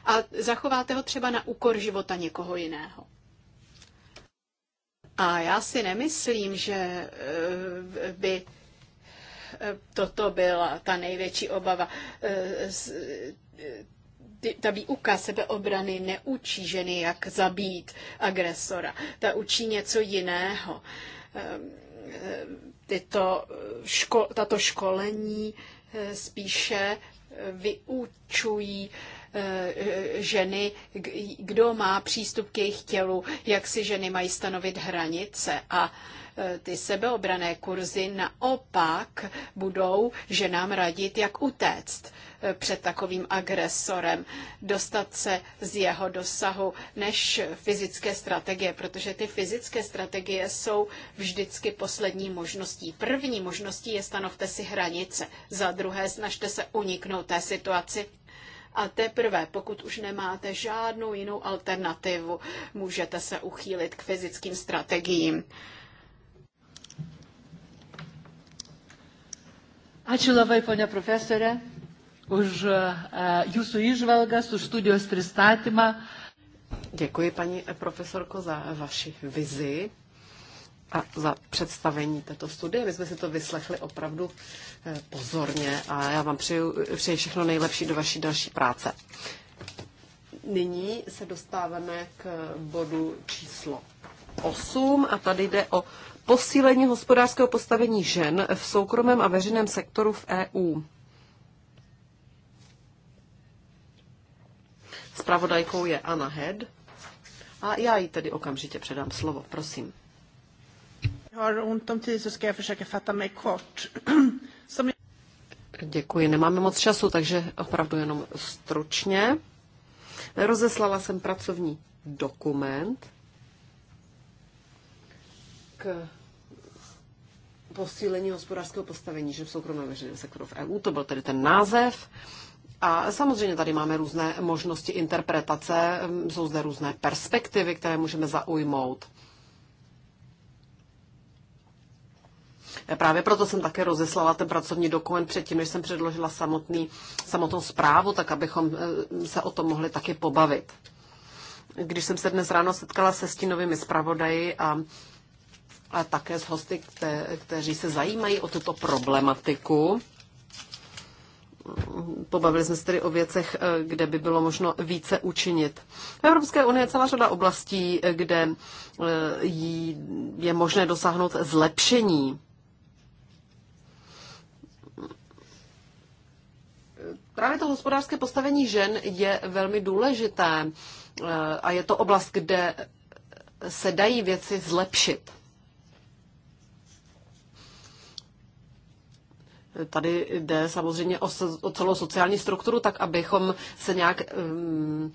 A zachováte ho třeba na úkor života někoho jiného. A já si nemyslím, že eh, by eh, toto byla ta největší obava eh, ta výuka sebeobrany neučí ženy, jak zabít agresora. Ta učí něco jiného. Ehm, ehm, tyto ško, tato školení eh, spíše eh, vyučují eh, ženy, kdo má přístup k jejich tělu, jak si ženy mají stanovit hranice a ty sebeobrané kurzy naopak budou ženám radit, jak utéct před takovým agresorem, dostat se z jeho dosahu než fyzické strategie, protože ty fyzické strategie jsou vždycky poslední možností. První možností je stanovte si hranice, za druhé snažte se uniknout té situaci a teprve, pokud už nemáte žádnou jinou alternativu, můžete se uchýlit k fyzickým strategiím. Ačiū labai, ponia profesore už eh, jūsų įžvelgas, už studijos pristatymą. Děkuji, paní profesorko, za vaši vizi a za představení této studie. My jsme si to vyslechli opravdu eh, pozorně a já vám přeju, přeji všechno nejlepší do vaší další práce. Nyní se dostáváme k bodu číslo 8 a tady jde o posílení hospodářského postavení žen v soukromém a veřejném sektoru v EU. Spravodajkou je Anna Head a já jí tedy okamžitě předám slovo. Prosím. Děkuji, nemáme moc času, takže opravdu jenom stručně. Rozeslala jsem pracovní dokument k posílení hospodářského postavení že v soukromém veřejném sektoru v EU. To byl tedy ten název. A samozřejmě tady máme různé možnosti interpretace, jsou zde různé perspektivy, které můžeme zaujmout. Právě proto jsem také rozeslala ten pracovní dokument předtím, než jsem předložila samotný, samotnou zprávu, tak abychom eh, se o tom mohli taky pobavit. Když jsem se dnes ráno setkala se stínovými zpravodaji a, a také s hosty, kte, kteří se zajímají o tuto problematiku, pobavili jsme se tedy o věcech, eh, kde by bylo možno více učinit. V Evropské unii je celá řada oblastí, eh, kde eh, je možné dosáhnout zlepšení. Právě to hospodářské postavení žen je velmi důležité a je to oblast, kde se dají věci zlepšit. Tady jde samozřejmě o, o celou sociální strukturu, tak abychom se nějak um,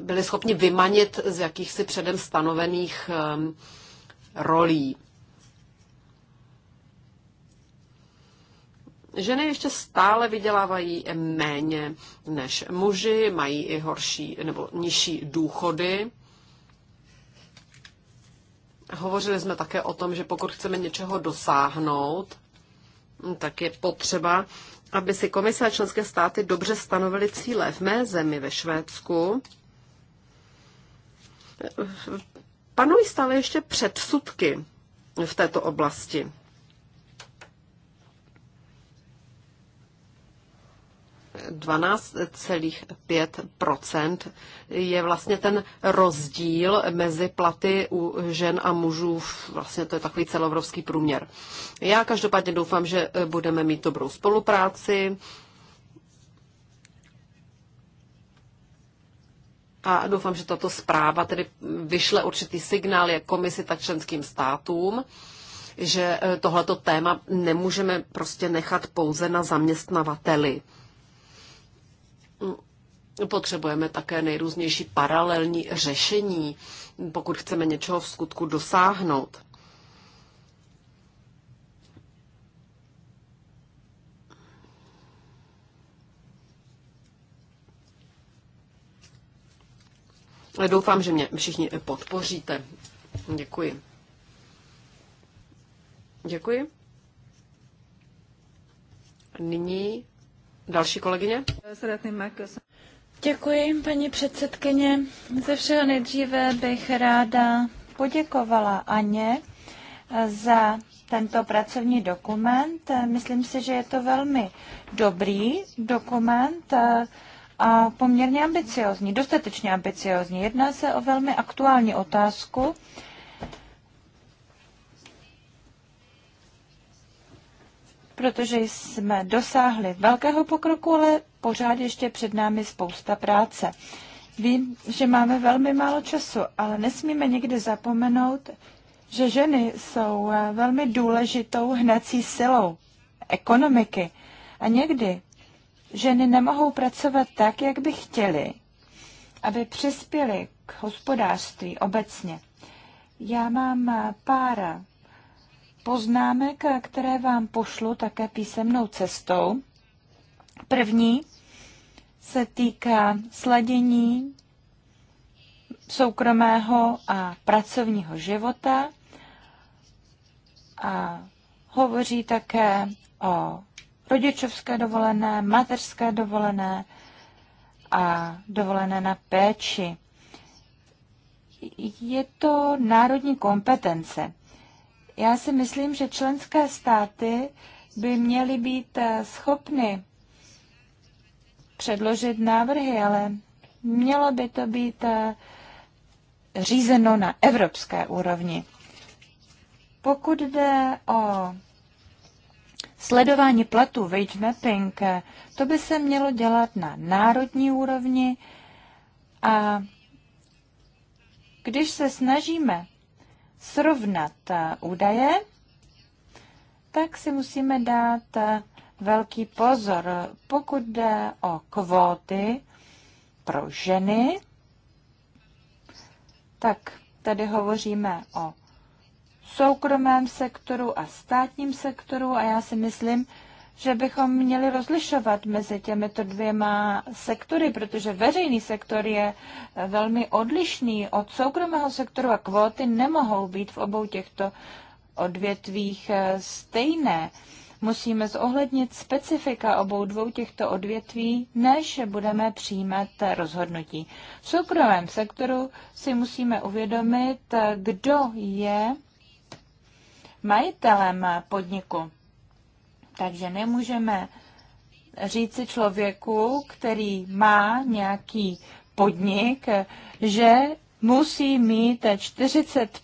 byli schopni vymanit z jakýchsi předem stanovených um, rolí. Ženy ještě stále vydělávají méně než muži, mají i horší nebo nižší důchody. Hovořili jsme také o tom, že pokud chceme něčeho dosáhnout, tak je potřeba, aby si komise a členské státy dobře stanovily cíle. V mé zemi ve Švédsku panují stále ještě předsudky v této oblasti. 12,5 je vlastně ten rozdíl mezi platy u žen a mužů, vlastně to je takový celovrovský průměr. Já každopádně doufám, že budeme mít dobrou spolupráci. A doufám, že tato zpráva tedy vyšle určitý signál jak komisi, tak členským státům že tohleto téma nemůžeme prostě nechat pouze na zaměstnavateli. Potřebujeme také nejrůznější paralelní řešení, pokud chceme něčeho v skutku dosáhnout. Doufám, že mě všichni podpoříte. Děkuji. Děkuji. Nyní další kolegyně. Děkuji, paní předsedkyně. Ze všeho nejdříve bych ráda poděkovala Aně eh, za tento pracovní dokument. Myslím si, že je to velmi dobrý dokument eh, a poměrně ambiciozní, dostatečně ambiciozní. Jedná se o velmi aktuální otázku, protože jsme dosáhli velkého pokroku, ale pořád ještě před námi spousta práce. Vím, že máme velmi málo času, ale nesmíme nikdy zapomenout, že ženy jsou eh, velmi důležitou hnací silou ekonomiky. A někdy ženy nemohou pracovat tak, jak by chtěly, aby přispěly k hospodářství obecně. Já mám eh, pára poznámek, které vám pošlu také písemnou cestou. První se týká sladění soukromého a pracovního života a hovoří také o rodičovské dovolené, mateřské dovolené a dovolené na péči. Je to národní kompetence. Já si myslím, že členské státy by měly být eh, schopny předložit návrhy, ale mělo by to být eh, řízeno na evropské úrovni. Pokud jde o sledování platů, wage mapping, eh, to by se mělo dělat na národní úrovni a když se snažíme srovnat eh, údaje, tak si musíme dát eh, velký pozor, pokud jde o kvóty pro ženy, tak tady hovoříme o soukromém sektoru a státním sektoru a já si myslím, že bychom měli rozlišovat mezi těmito dvěma sektory, protože veřejný sektor je eh, velmi odlišný od soukromého sektoru a kvóty nemohou být v obou těchto odvětvích eh, stejné. Musíme zohlednit specifika obou dvou těchto odvětví, než budeme přijímat eh, rozhodnutí. V soukromém sektoru si musíme uvědomit, kdo je majitelem podniku. Takže nemůžeme říci člověku, který má nějaký podnik, že musí mít 40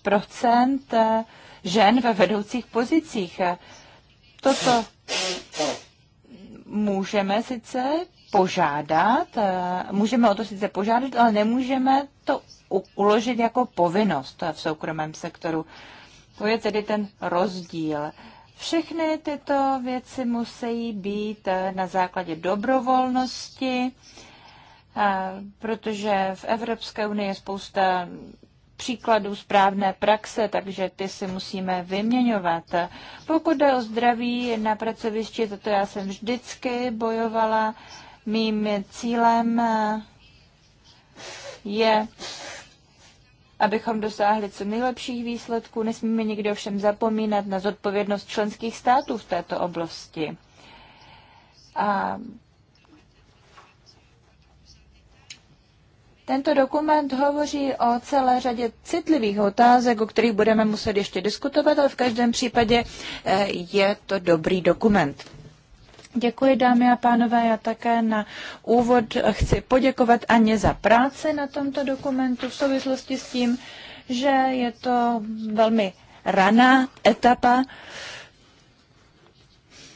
žen ve vedoucích pozicích. Toto můžeme sice požádat, můžeme o to sice požádat, ale nemůžeme to uložit jako povinnost v soukromém sektoru. To je tedy ten rozdíl. Všechny tyto věci musí být eh, na základě dobrovolnosti, eh, protože v Evropské unii je spousta příkladů správné praxe, takže ty si musíme vyměňovat. Pokud jde o zdraví na pracovišti, toto já jsem vždycky bojovala. Mým cílem eh, je abychom dosáhli co nejlepších výsledků. Nesmíme nikdy ovšem zapomínat na zodpovědnost členských států v této oblasti. A Tento dokument hovoří o celé řadě citlivých otázek, o kterých budeme muset ještě diskutovat, ale v každém případě eh, je to dobrý dokument. Děkuji, dámy a pánové. Já také na úvod chci poděkovat Aně za práci na tomto dokumentu v souvislosti s tím, že je to velmi raná etapa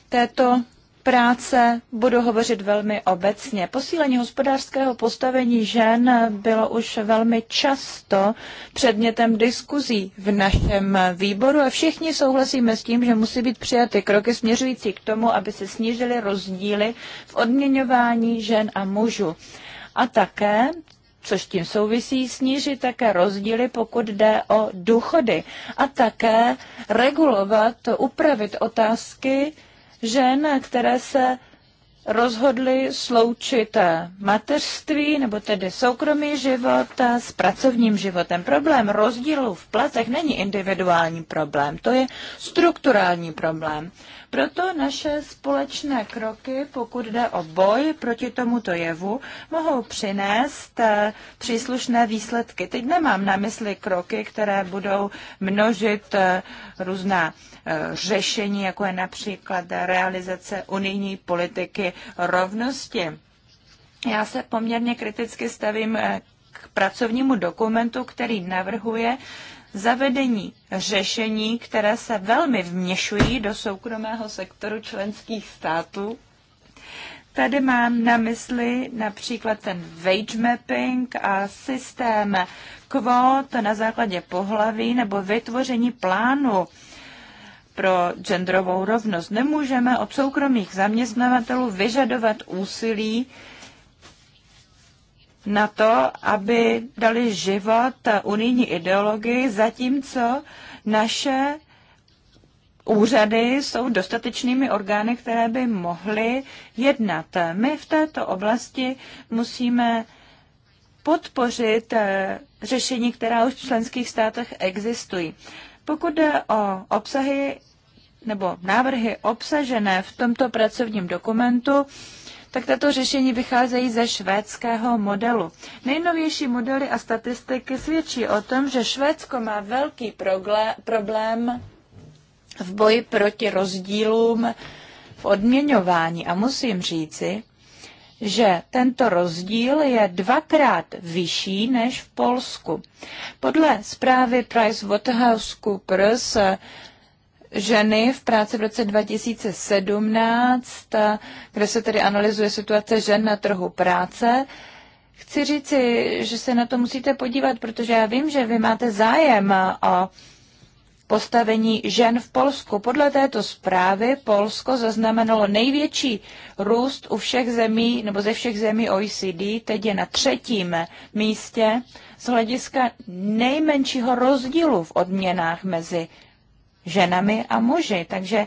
této práce budu hovořit velmi obecně. Posílení hospodářského postavení žen bylo už velmi často předmětem diskuzí v našem výboru a všichni souhlasíme s tím, že musí být přijaty kroky směřující k tomu, aby se snížily rozdíly v odměňování žen a mužů. A také což tím souvisí, snížit také rozdíly, pokud jde o důchody a také regulovat, upravit otázky žen, které se rozhodly sloučit eh, mateřství, nebo tedy soukromý život eh, s pracovním životem. Problém rozdílu v platech není individuální problém, to je strukturální problém. Proto naše společné kroky, pokud jde o boj proti tomuto jevu, mohou přinést eh, příslušné výsledky. Teď nemám na mysli kroky, které budou množit eh, různá eh, řešení, jako je například realizace unijní politiky rovnosti. Já se poměrně kriticky stavím k pracovnímu dokumentu, který navrhuje zavedení řešení, které se velmi vměšují do soukromého sektoru členských států. Tady mám na mysli například ten wage mapping a systém kvót na základě pohlaví nebo vytvoření plánu pro genderovou rovnost. Nemůžeme od soukromých zaměstnavatelů vyžadovat úsilí, na to, aby dali život unijní ideologii, zatímco naše úřady jsou dostatečnými orgány, které by mohly jednat. My v této oblasti musíme podpořit eh, řešení, která už v členských státech existují. Pokud jde o obsahy nebo návrhy obsažené v tomto pracovním dokumentu, tak tato řešení vycházejí ze švédského modelu. Nejnovější modely a statistiky svědčí o tom, že Švédsko má velký problém v boji proti rozdílům v odměňování. A musím říci, že tento rozdíl je dvakrát vyšší než v Polsku. Podle zprávy PricewaterhouseCoopers ženy v práci v roce 2017, kde se tedy analyzuje situace žen na trhu práce. Chci říci, že se na to musíte podívat, protože já vím, že vy máte zájem o postavení žen v Polsku. Podle této zprávy Polsko zaznamenalo největší růst u všech zemí, nebo ze všech zemí OECD, teď je na třetím místě z hlediska nejmenšího rozdílu v odměnách mezi ženami a muži. Takže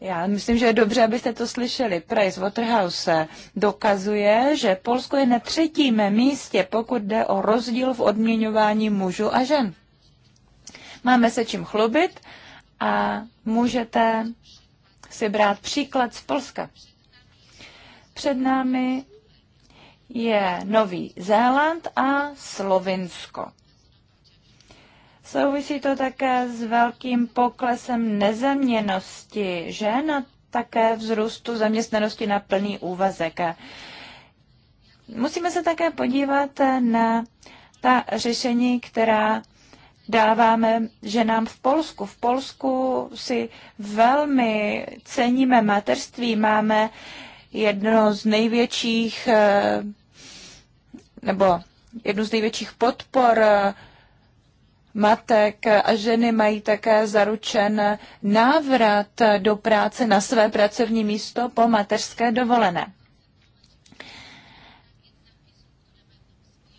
já myslím, že je dobře, abyste to slyšeli. Price Waterhouse dokazuje, že Polsko je na třetím místě, pokud jde o rozdíl v odměňování mužů a žen. Máme se čím chlubit a můžete si brát příklad z Polska. Před námi je Nový Zéland a Slovinsko. Souvisí to také s velkým poklesem nezaměnosti žen a také vzrůstu zaměstnanosti na plný úvazek. Musíme se také podívat na ta řešení, která dáváme ženám v Polsku. V Polsku si velmi ceníme mateřství, máme jedno z největších eh, nebo jednu z největších podpor eh, matek a ženy mají také zaručen návrat do práce na své pracovní místo po mateřské dovolené.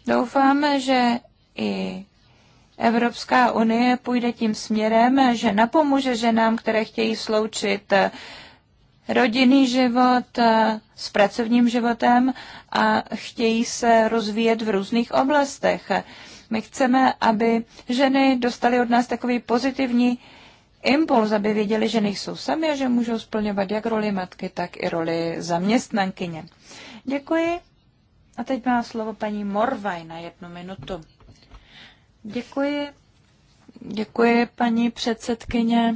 Doufáme, že i Evropská unie půjde tím směrem, že napomůže ženám, které chtějí sloučit rodinný život s pracovním životem a chtějí se rozvíjet v různých oblastech. My chceme, aby ženy dostaly od nás takový pozitivní impuls, aby věděli, že nejsou sami a že můžou splňovat jak roli matky, tak i roli zaměstnankyně. Děkuji. A teď má slovo paní Morvaj na jednu minutu. Děkuji. Děkuji, paní předsedkyně.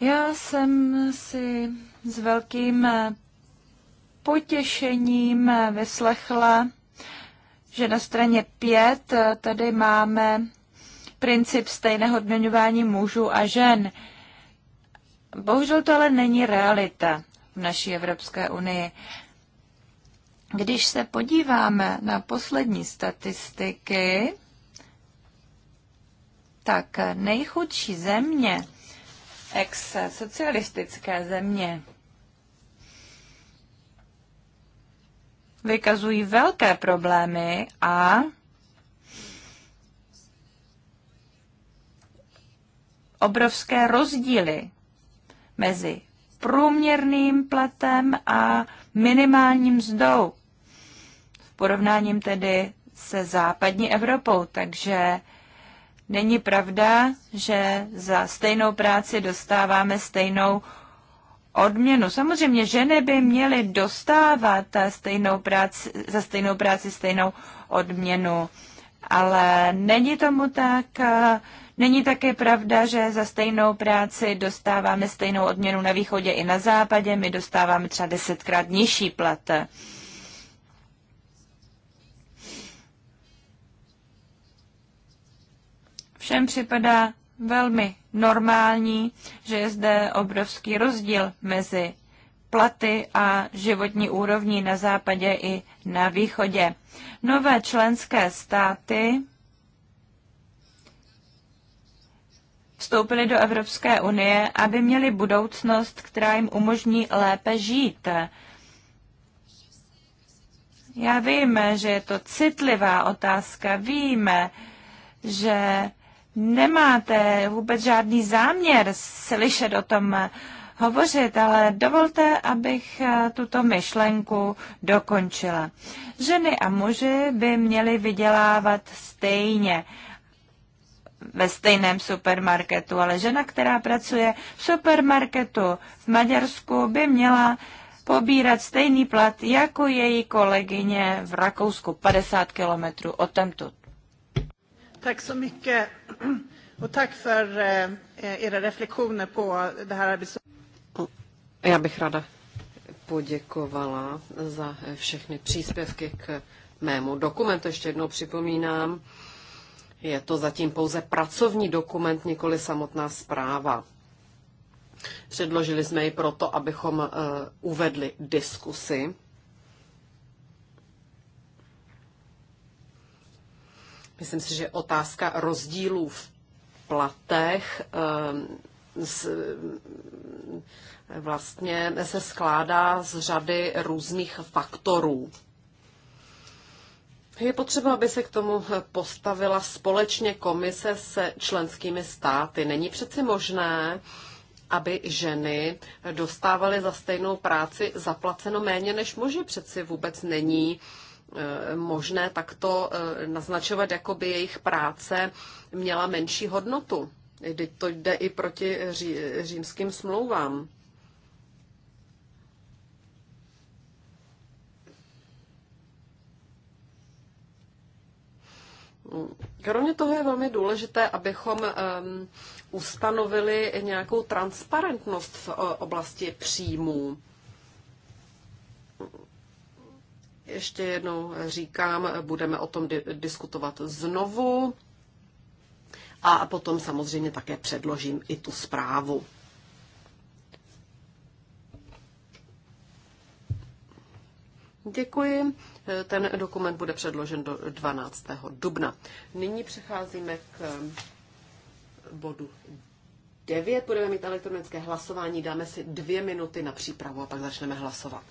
Já jsem si s velkým potěšením vyslechla že na straně 5 eh, tady máme princip stejného odměňování mužů a žen. Bohužel to ale není realita v naší Evropské unii. Když se podíváme na poslední statistiky, tak nejchudší země, ex-socialistické země, vykazují velké problémy a obrovské rozdíly mezi průměrným platem a minimálním mzdou. V porovnáním tedy se západní Evropou, takže není pravda, že za stejnou práci dostáváme stejnou odměnu. Samozřejmě ženy by měly dostávat stejnou práci, za stejnou práci stejnou odměnu, ale není tomu tak. Eh, není také pravda, že za stejnou práci dostáváme stejnou odměnu na východě i na západě. My dostáváme třeba desetkrát nižší plat. Všem připadá velmi normální, že je zde obrovský rozdíl mezi platy a životní úrovní na západě i na východě. Nové členské státy vstoupily do Evropské unie, aby měli budoucnost, která jim umožní lépe žít. Já vím, že je to citlivá otázka, víme, že nemáte vůbec žádný záměr slyšet o tom eh, hovořit, ale dovolte, abych eh, tuto myšlenku dokončila. Ženy a muži by měli vydělávat stejně ve stejném supermarketu, ale žena, která pracuje v supermarketu v Maďarsku, by měla pobírat stejný plat jako její kolegyně v Rakousku 50 kilometrů od tamtud. Tak so Och tack för eh, era reflektioner på det här arbetet. Já bych ráda poděkovala za všechny příspěvky k mému dokumentu. Ještě jednou připomínám, je to zatím pouze pracovní dokument, nikoli samotná zpráva. Předložili jsme ji proto, abychom eh, uvedli diskusy Myslím si, že otázka rozdílů v platech ehm, vlastně se skládá z řady různých faktorů. Je potřeba, aby se k tomu postavila společně komise se členskými státy. Není přeci možné, aby ženy dostávaly za stejnou práci zaplaceno méně než muži. Přeci vůbec není uh, Eh, možné takto eh, naznačovat, jako by jejich práce měla menší hodnotu. Teď to jde i proti římským smlouvám. Kromě toho je velmi důležité, abychom um, ustanovili nějakou transparentnost v eh, oblasti příjmů. Ještě jednou říkám, budeme o tom diskutovat znovu a potom samozřejmě také předložím i tu zprávu. Děkuji. Ten dokument bude předložen do 12. dubna. Nyní přecházíme k bodu 9. Budeme mít elektronické hlasování, dáme si dvě minuty na přípravu a pak začneme hlasovat.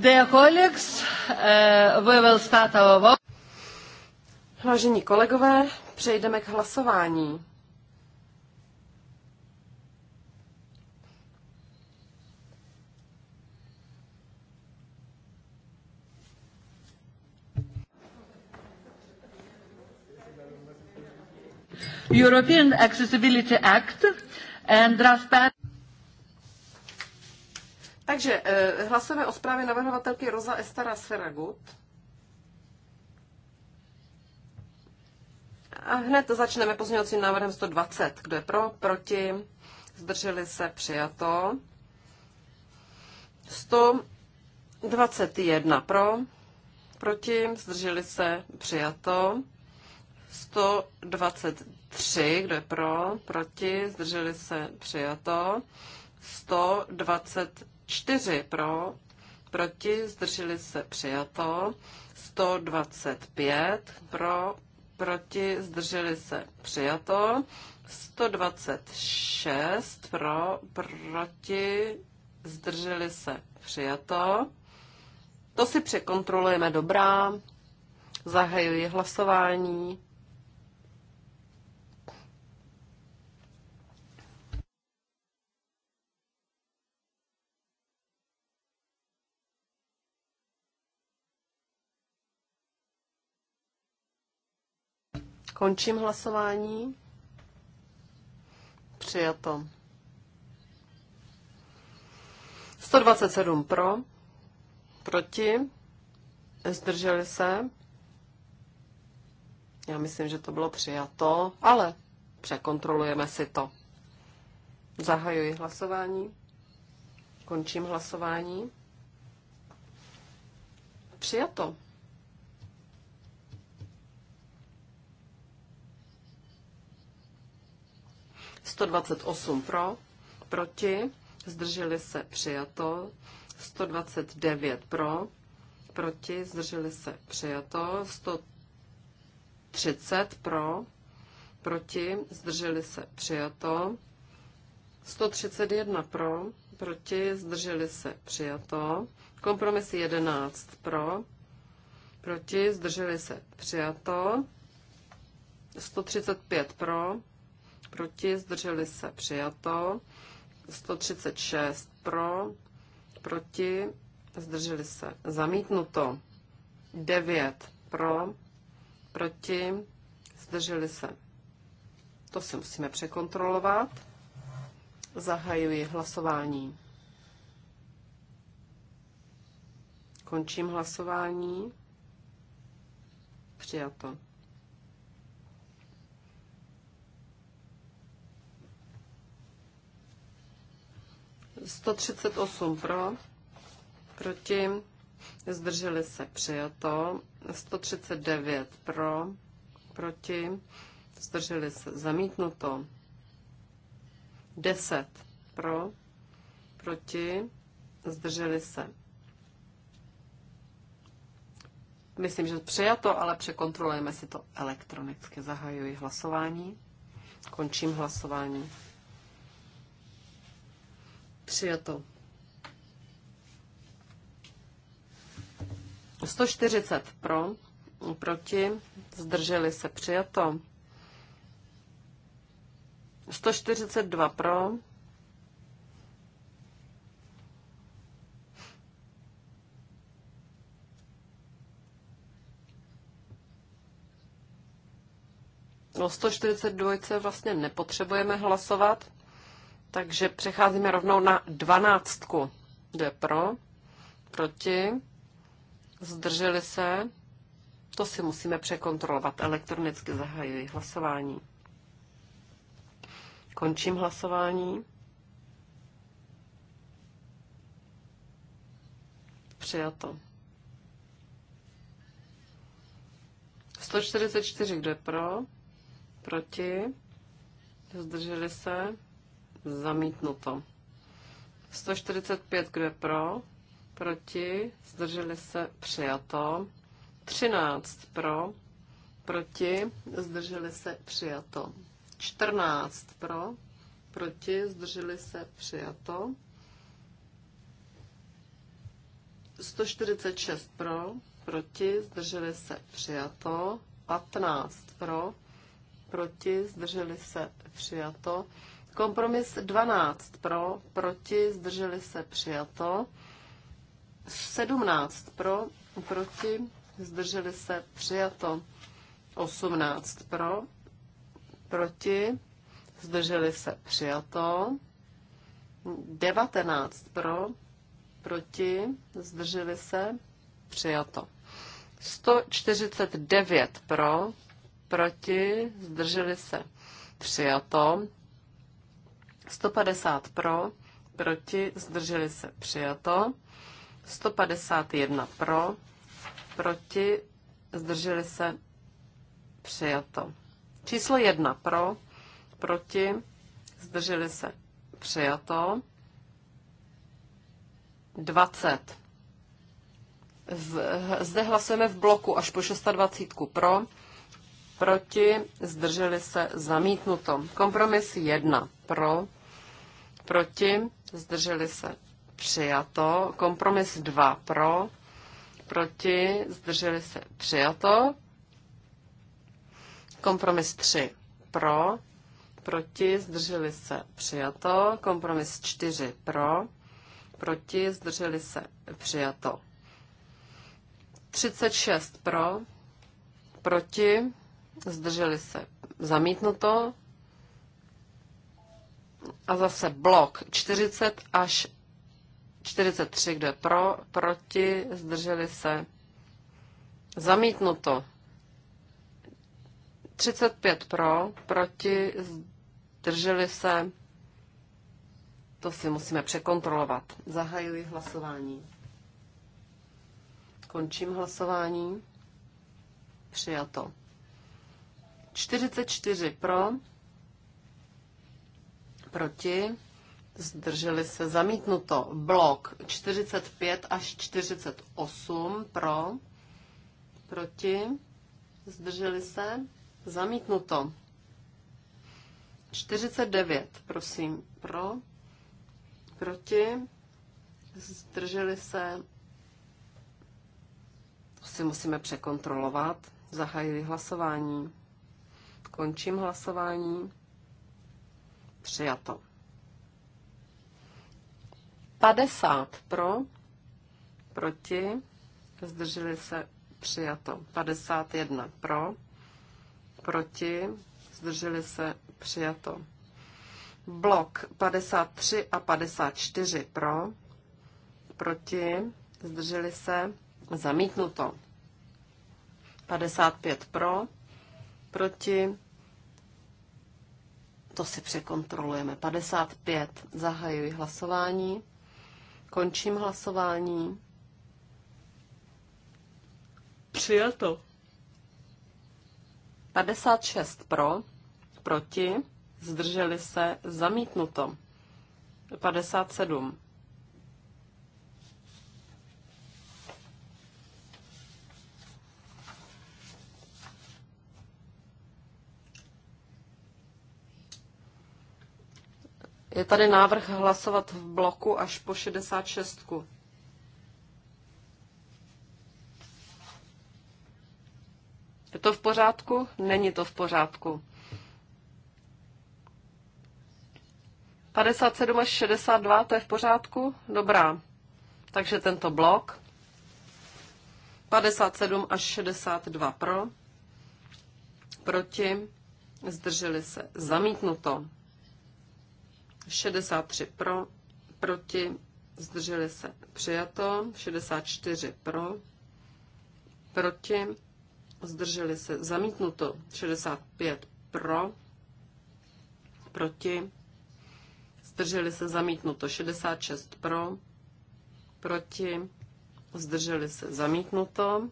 Dear colleagues, uh, we will start our vote. Vážení kolegové, přejdeme k hlasování. European Accessibility Act and draft takže eh, hlasujeme o zprávě navrhovatelky Roza Estara Sferagut. A hned začneme pozměňovacím návrhem 120. Kdo je pro, proti, zdrželi se, přijato. 121 pro, proti, zdrželi se, přijato. 123, kdo je pro, proti, zdrželi se, přijato. 120 4 pro, proti, zdrželi se přijato, 125 pro, proti, zdrželi se přijato, 126 pro, proti, zdrželi se přijato. To si překontrolujeme dobrá. Zahajuji hlasování. Končím hlasování. Přijato. 127 pro, proti, zdrželi se. Já myslím, že to bylo přijato, ale překontrolujeme si to. Zahajuji hlasování. Končím hlasování. Přijato. 128 pro, proti, zdrželi se přijato, 129 pro, proti, zdrželi se přijato, 130 pro, proti, zdrželi se přijato, 131 pro, proti, zdrželi se přijato, kompromis 11 pro, proti, zdrželi se přijato, 135 pro, proti, zdrželi se přijato, 136 pro, proti, zdrželi se zamítnuto, 9 pro, proti, zdrželi se. To si musíme překontrolovat. Zahajuji hlasování. Končím hlasování. Přijato. 138 pro, proti, zdrželi se přijato, 139 pro, proti, zdrželi se zamítnuto, 10 pro, proti, zdrželi se. Myslím, že přijato, ale překontrolujeme si to elektronicky. Zahajuji hlasování, končím hlasování. Přijato. 140 pro, proti, zdrželi se přijato. 142 pro, No 142 vlastně nepotřebujeme hlasovat. Takže přecházíme rovnou na dvanáctku. Jde pro? Proti? Zdrželi se? To si musíme překontrolovat. Elektronicky zahajuji hlasování. Končím hlasování. Přijato. 144, kdo je pro? Proti? Zdrželi se? Zamítnuto. 145, kdo je pro? Proti? Zdrželi se? Přijato. 13 pro? Proti? Zdrželi se? Přijato. 14 pro? Proti? Zdrželi se? Přijato. 146 pro, proti, zdrželi se, přijato. 15 pro, proti, zdrželi se, přijato. Kompromis 12 pro, proti, zdrželi se přijato. 17 pro, proti, zdrželi se přijato. 18 pro, proti, zdrželi se přijato. 19 pro, proti, zdrželi se přijato. 149 pro, proti, zdrželi se přijato. 150 pro, proti, zdrželi se přijato. 151 pro, proti, zdrželi se přijato. Číslo 1 pro, proti, zdrželi se přijato. 20. Zde hlasujeme v bloku až po 26 pro, proti, zdrželi se zamítnuto. Kompromis 1 pro, proti, zdrželi se přijato. Kompromis 2 pro, proti, zdrželi se přijato. Kompromis 3 pro, proti, zdrželi se přijato. Kompromis 4 pro, proti, zdrželi se přijato. 36 pro, proti, zdrželi se zamítnuto. A zase blok 40 až 43, kdo je pro, proti, zdrželi se. Zamítnuto. 35 pro, proti, zdrželi se. To si musíme překontrolovat. Zahajuji hlasování. Končím hlasování. Přijato. 44 pro, proti, zdrželi se zamítnuto. Blok 45 až 48 pro, proti, zdrželi se zamítnuto. 49, prosím, pro, proti, zdrželi se, to si musíme překontrolovat, zahajuji hlasování, končím hlasování, Přijato. 50 pro, proti, zdrželi se, přijato. 51 pro, proti, zdrželi se, přijato. Blok 53 a 54 pro, proti, zdrželi se, zamítnuto. 55 pro, proti, to si překontrolujeme. 55. Zahajuji hlasování. Končím hlasování. Přijato. 56 pro, proti, zdrželi se, zamítnuto. 57 Je tady návrh hlasovat v bloku až po 66. Je to v pořádku? Není to v pořádku. 57 až 62, to je v pořádku? Dobrá. Takže tento blok. 57 až 62 pro. Proti. Zdrželi se. Zamítnuto. 63 pro, proti, zdrželi se přijato, 64 pro, proti, zdrželi se zamítnuto, 65 pro, proti, zdrželi se zamítnuto, 66 pro, proti, zdrželi se zamítnuto,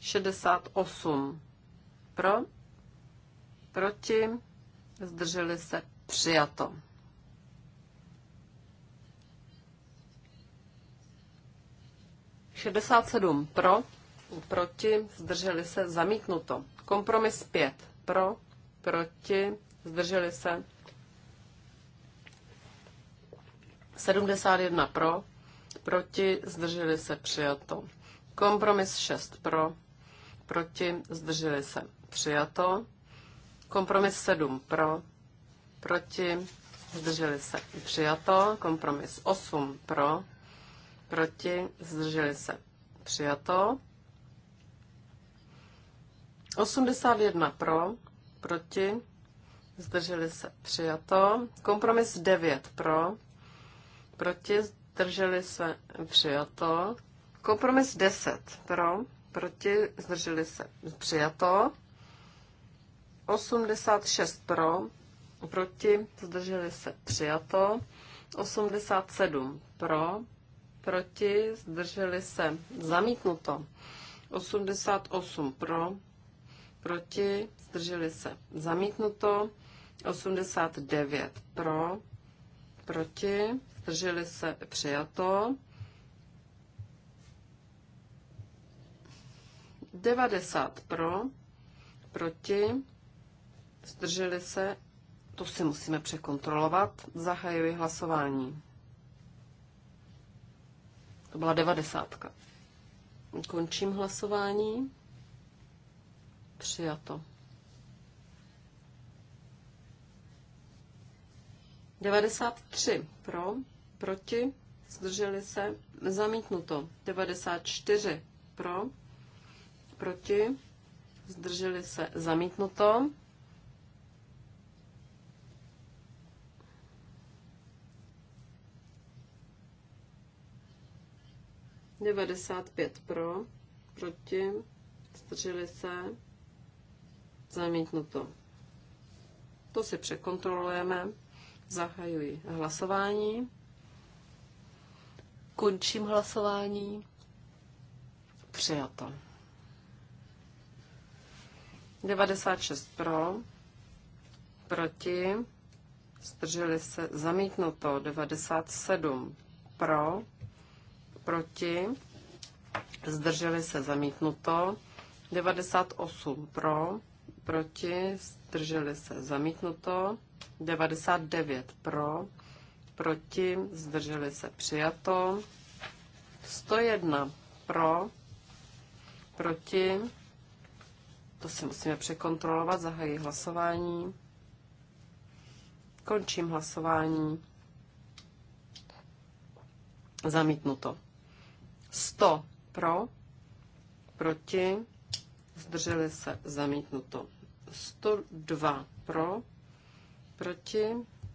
68 pro, proti, zdrželi se Přijato. Šedesát sedm pro, proti, zdrželi se, zamítnuto. Kompromis pět pro, proti, zdrželi se. sedmdesát jedna pro, proti, zdrželi se, přijato. Kompromis šest pro, proti, zdrželi se, přijato. Kompromis sedm pro, proti, zdrželi se přijato, kompromis 8 pro, proti, zdrželi se přijato, 81 pro, proti, zdrželi se přijato, kompromis 9 pro, proti, zdrželi se přijato, kompromis 10 pro, proti, zdrželi se přijato, 86 pro, proti, zdrželi se přijato, 87 pro, proti, zdrželi se zamítnuto, 88 pro, proti, zdrželi se zamítnuto, 89 pro, proti, zdrželi se přijato, 90 pro, proti, zdrželi se to si musíme překontrolovat. Zahajuji hlasování. To byla devadesátka. Končím hlasování. Přijato. 93 pro, proti, zdrželi se, zamítnuto. 94 pro, proti, zdrželi se, zamítnuto. 95 pro, proti, zdrželi se, zamítnuto. To si překontrolujeme. Zahajuji hlasování. Končím hlasování. Přijato. 96 pro, proti, zdrželi se, zamítnuto, 97 pro, proti, zdrželi se zamítnuto, 98 pro, proti, zdrželi se zamítnuto, 99 pro, proti, zdrželi se přijato, 101 pro, proti, to si musíme překontrolovat, zahají hlasování, končím hlasování, zamítnuto. 100 pro, proti, zdrželi se zamítnuto. 102 pro, proti,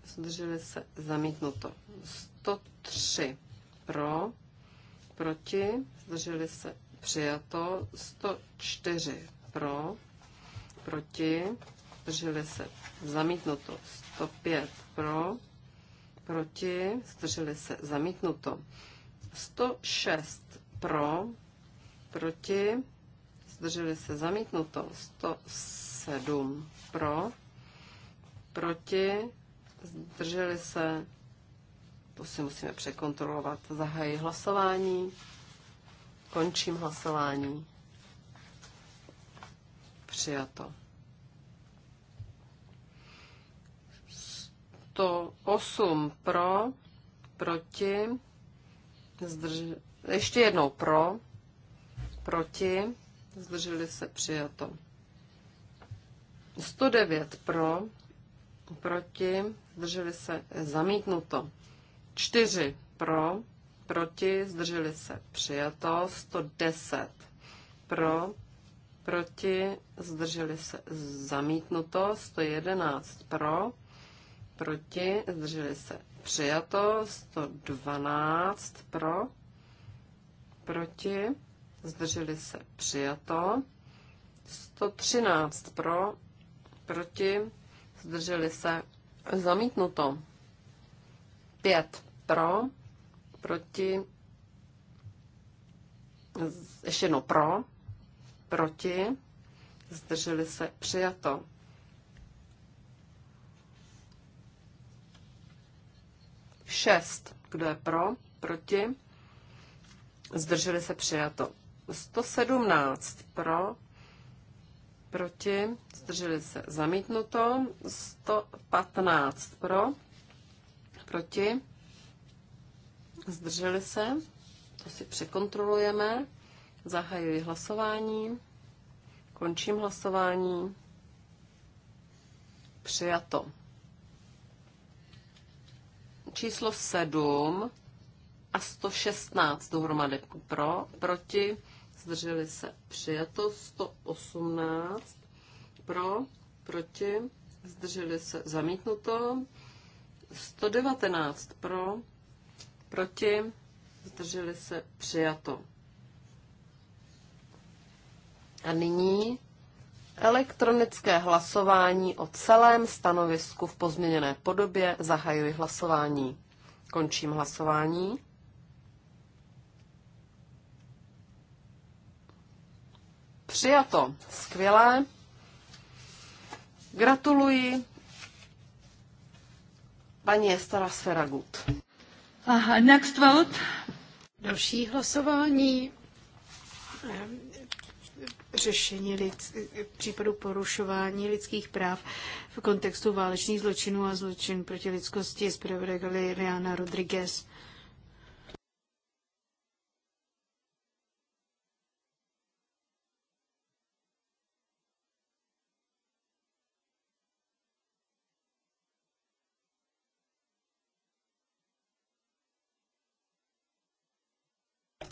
zdrželi se zamítnuto. 103 pro, proti, zdrželi se přijato. 104 pro, proti, zdrželi se zamítnuto. 105 pro, proti, zdrželi se zamítnuto. 106 pro, proti, zdrželi se zamítnuto, 107 pro, proti, zdrželi se, to si musíme překontrolovat, zahají hlasování, končím hlasování, přijato. 108 pro, proti, zdrželi ještě jednou pro, proti, zdrželi se přijato. 109 pro, proti, zdrželi se zamítnuto. 4 pro, proti, zdrželi se přijato. 110 pro, proti, zdrželi se zamítnuto. 111 pro, proti, zdrželi se přijato. 112 pro, proti, zdrželi se přijato. 113 pro, proti, zdrželi se zamítnuto. 5 pro, proti, ještě jedno pro, proti, zdrželi se přijato. Šest, kdo je pro, proti, zdrželi se přijato. 117 pro, proti, zdrželi se zamítnuto, 115 pro, proti, zdrželi se, to si překontrolujeme, zahajuji hlasování, končím hlasování, přijato. Číslo 7 a 116 dohromady pro, proti, zdrželi se přijato, 118 pro, proti, zdrželi se zamítnuto, 119 pro, proti, zdrželi se přijato. A nyní elektronické hlasování o celém stanovisku v pozměněné podobě. Zahajuji hlasování. Končím hlasování. Přijato. Skvělé. Gratuluji paní Estara Sferagut. Aha, next vote. Další hlasování ehm, řešení lid, případu porušování lidských práv v kontextu válečných zločinů a zločin proti lidskosti zpravodajka Liliana Rodriguez.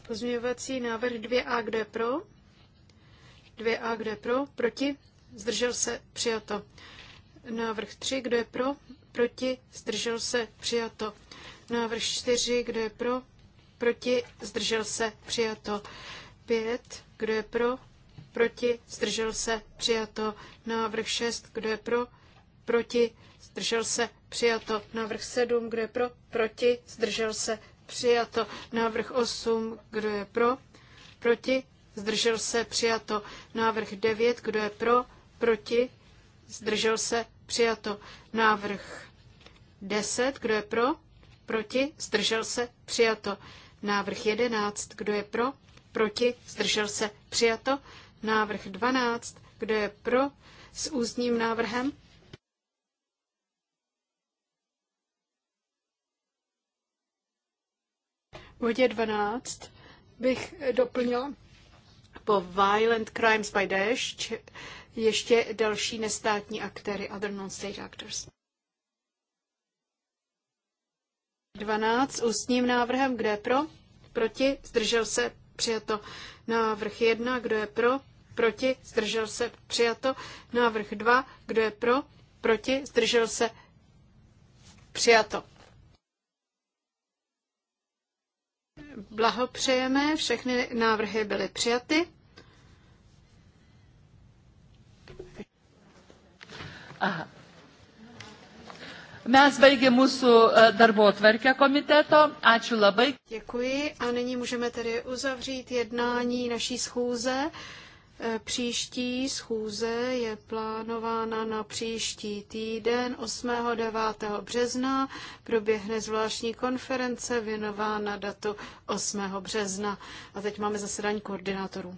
Pozměňovací návrh 2a, kdo je pro? 2a, kdo je pro? Proti? Zdržel se? Přijato. Návrh 3, kdo je pro? Proti? Zdržel se? Přijato. Návrh 4, kdo je pro? Proti? Zdržel se? Přijato. 5, kdo je pro? Proti? Zdržel se? Přijato. Návrh 6, kdo je pro? Proti? Zdržel se? Přijato. Návrh 7, kdo je pro? Proti? Zdržel se? přijato. Návrh 8, kdo je pro, proti, zdržel se, přijato. Návrh 9, kdo je pro, proti, zdržel se, přijato. Návrh 10, kdo je pro, proti, zdržel se, přijato. Návrh 11, kdo je pro, proti, zdržel se, přijato. Návrh 12, kdo je pro, s ústním návrhem, V bodě 12 bych doplnila po Violent Crimes by Daesh ještě další nestátní aktéry, other non-state actors. 12 ústním návrhem, kde je pro, proti, zdržel se, přijato. Návrh 1, kdo je pro, proti, zdržel se, přijato. Návrh 2, kdo je pro, proti, zdržel se, přijato. blahopřejeme, všechny návrhy byly přijaty. Aha. Mes baigė mūsų e, darbo atverkę komiteto. Ačiū labai. Děkuji a nyní můžeme tedy uzavřít jednání naší schůze. E, příští schůze je plánována na příští týden 8. 9. března. Proběhne zvláštní konference věnována datu 8. března. A teď máme zasedání koordinátorů.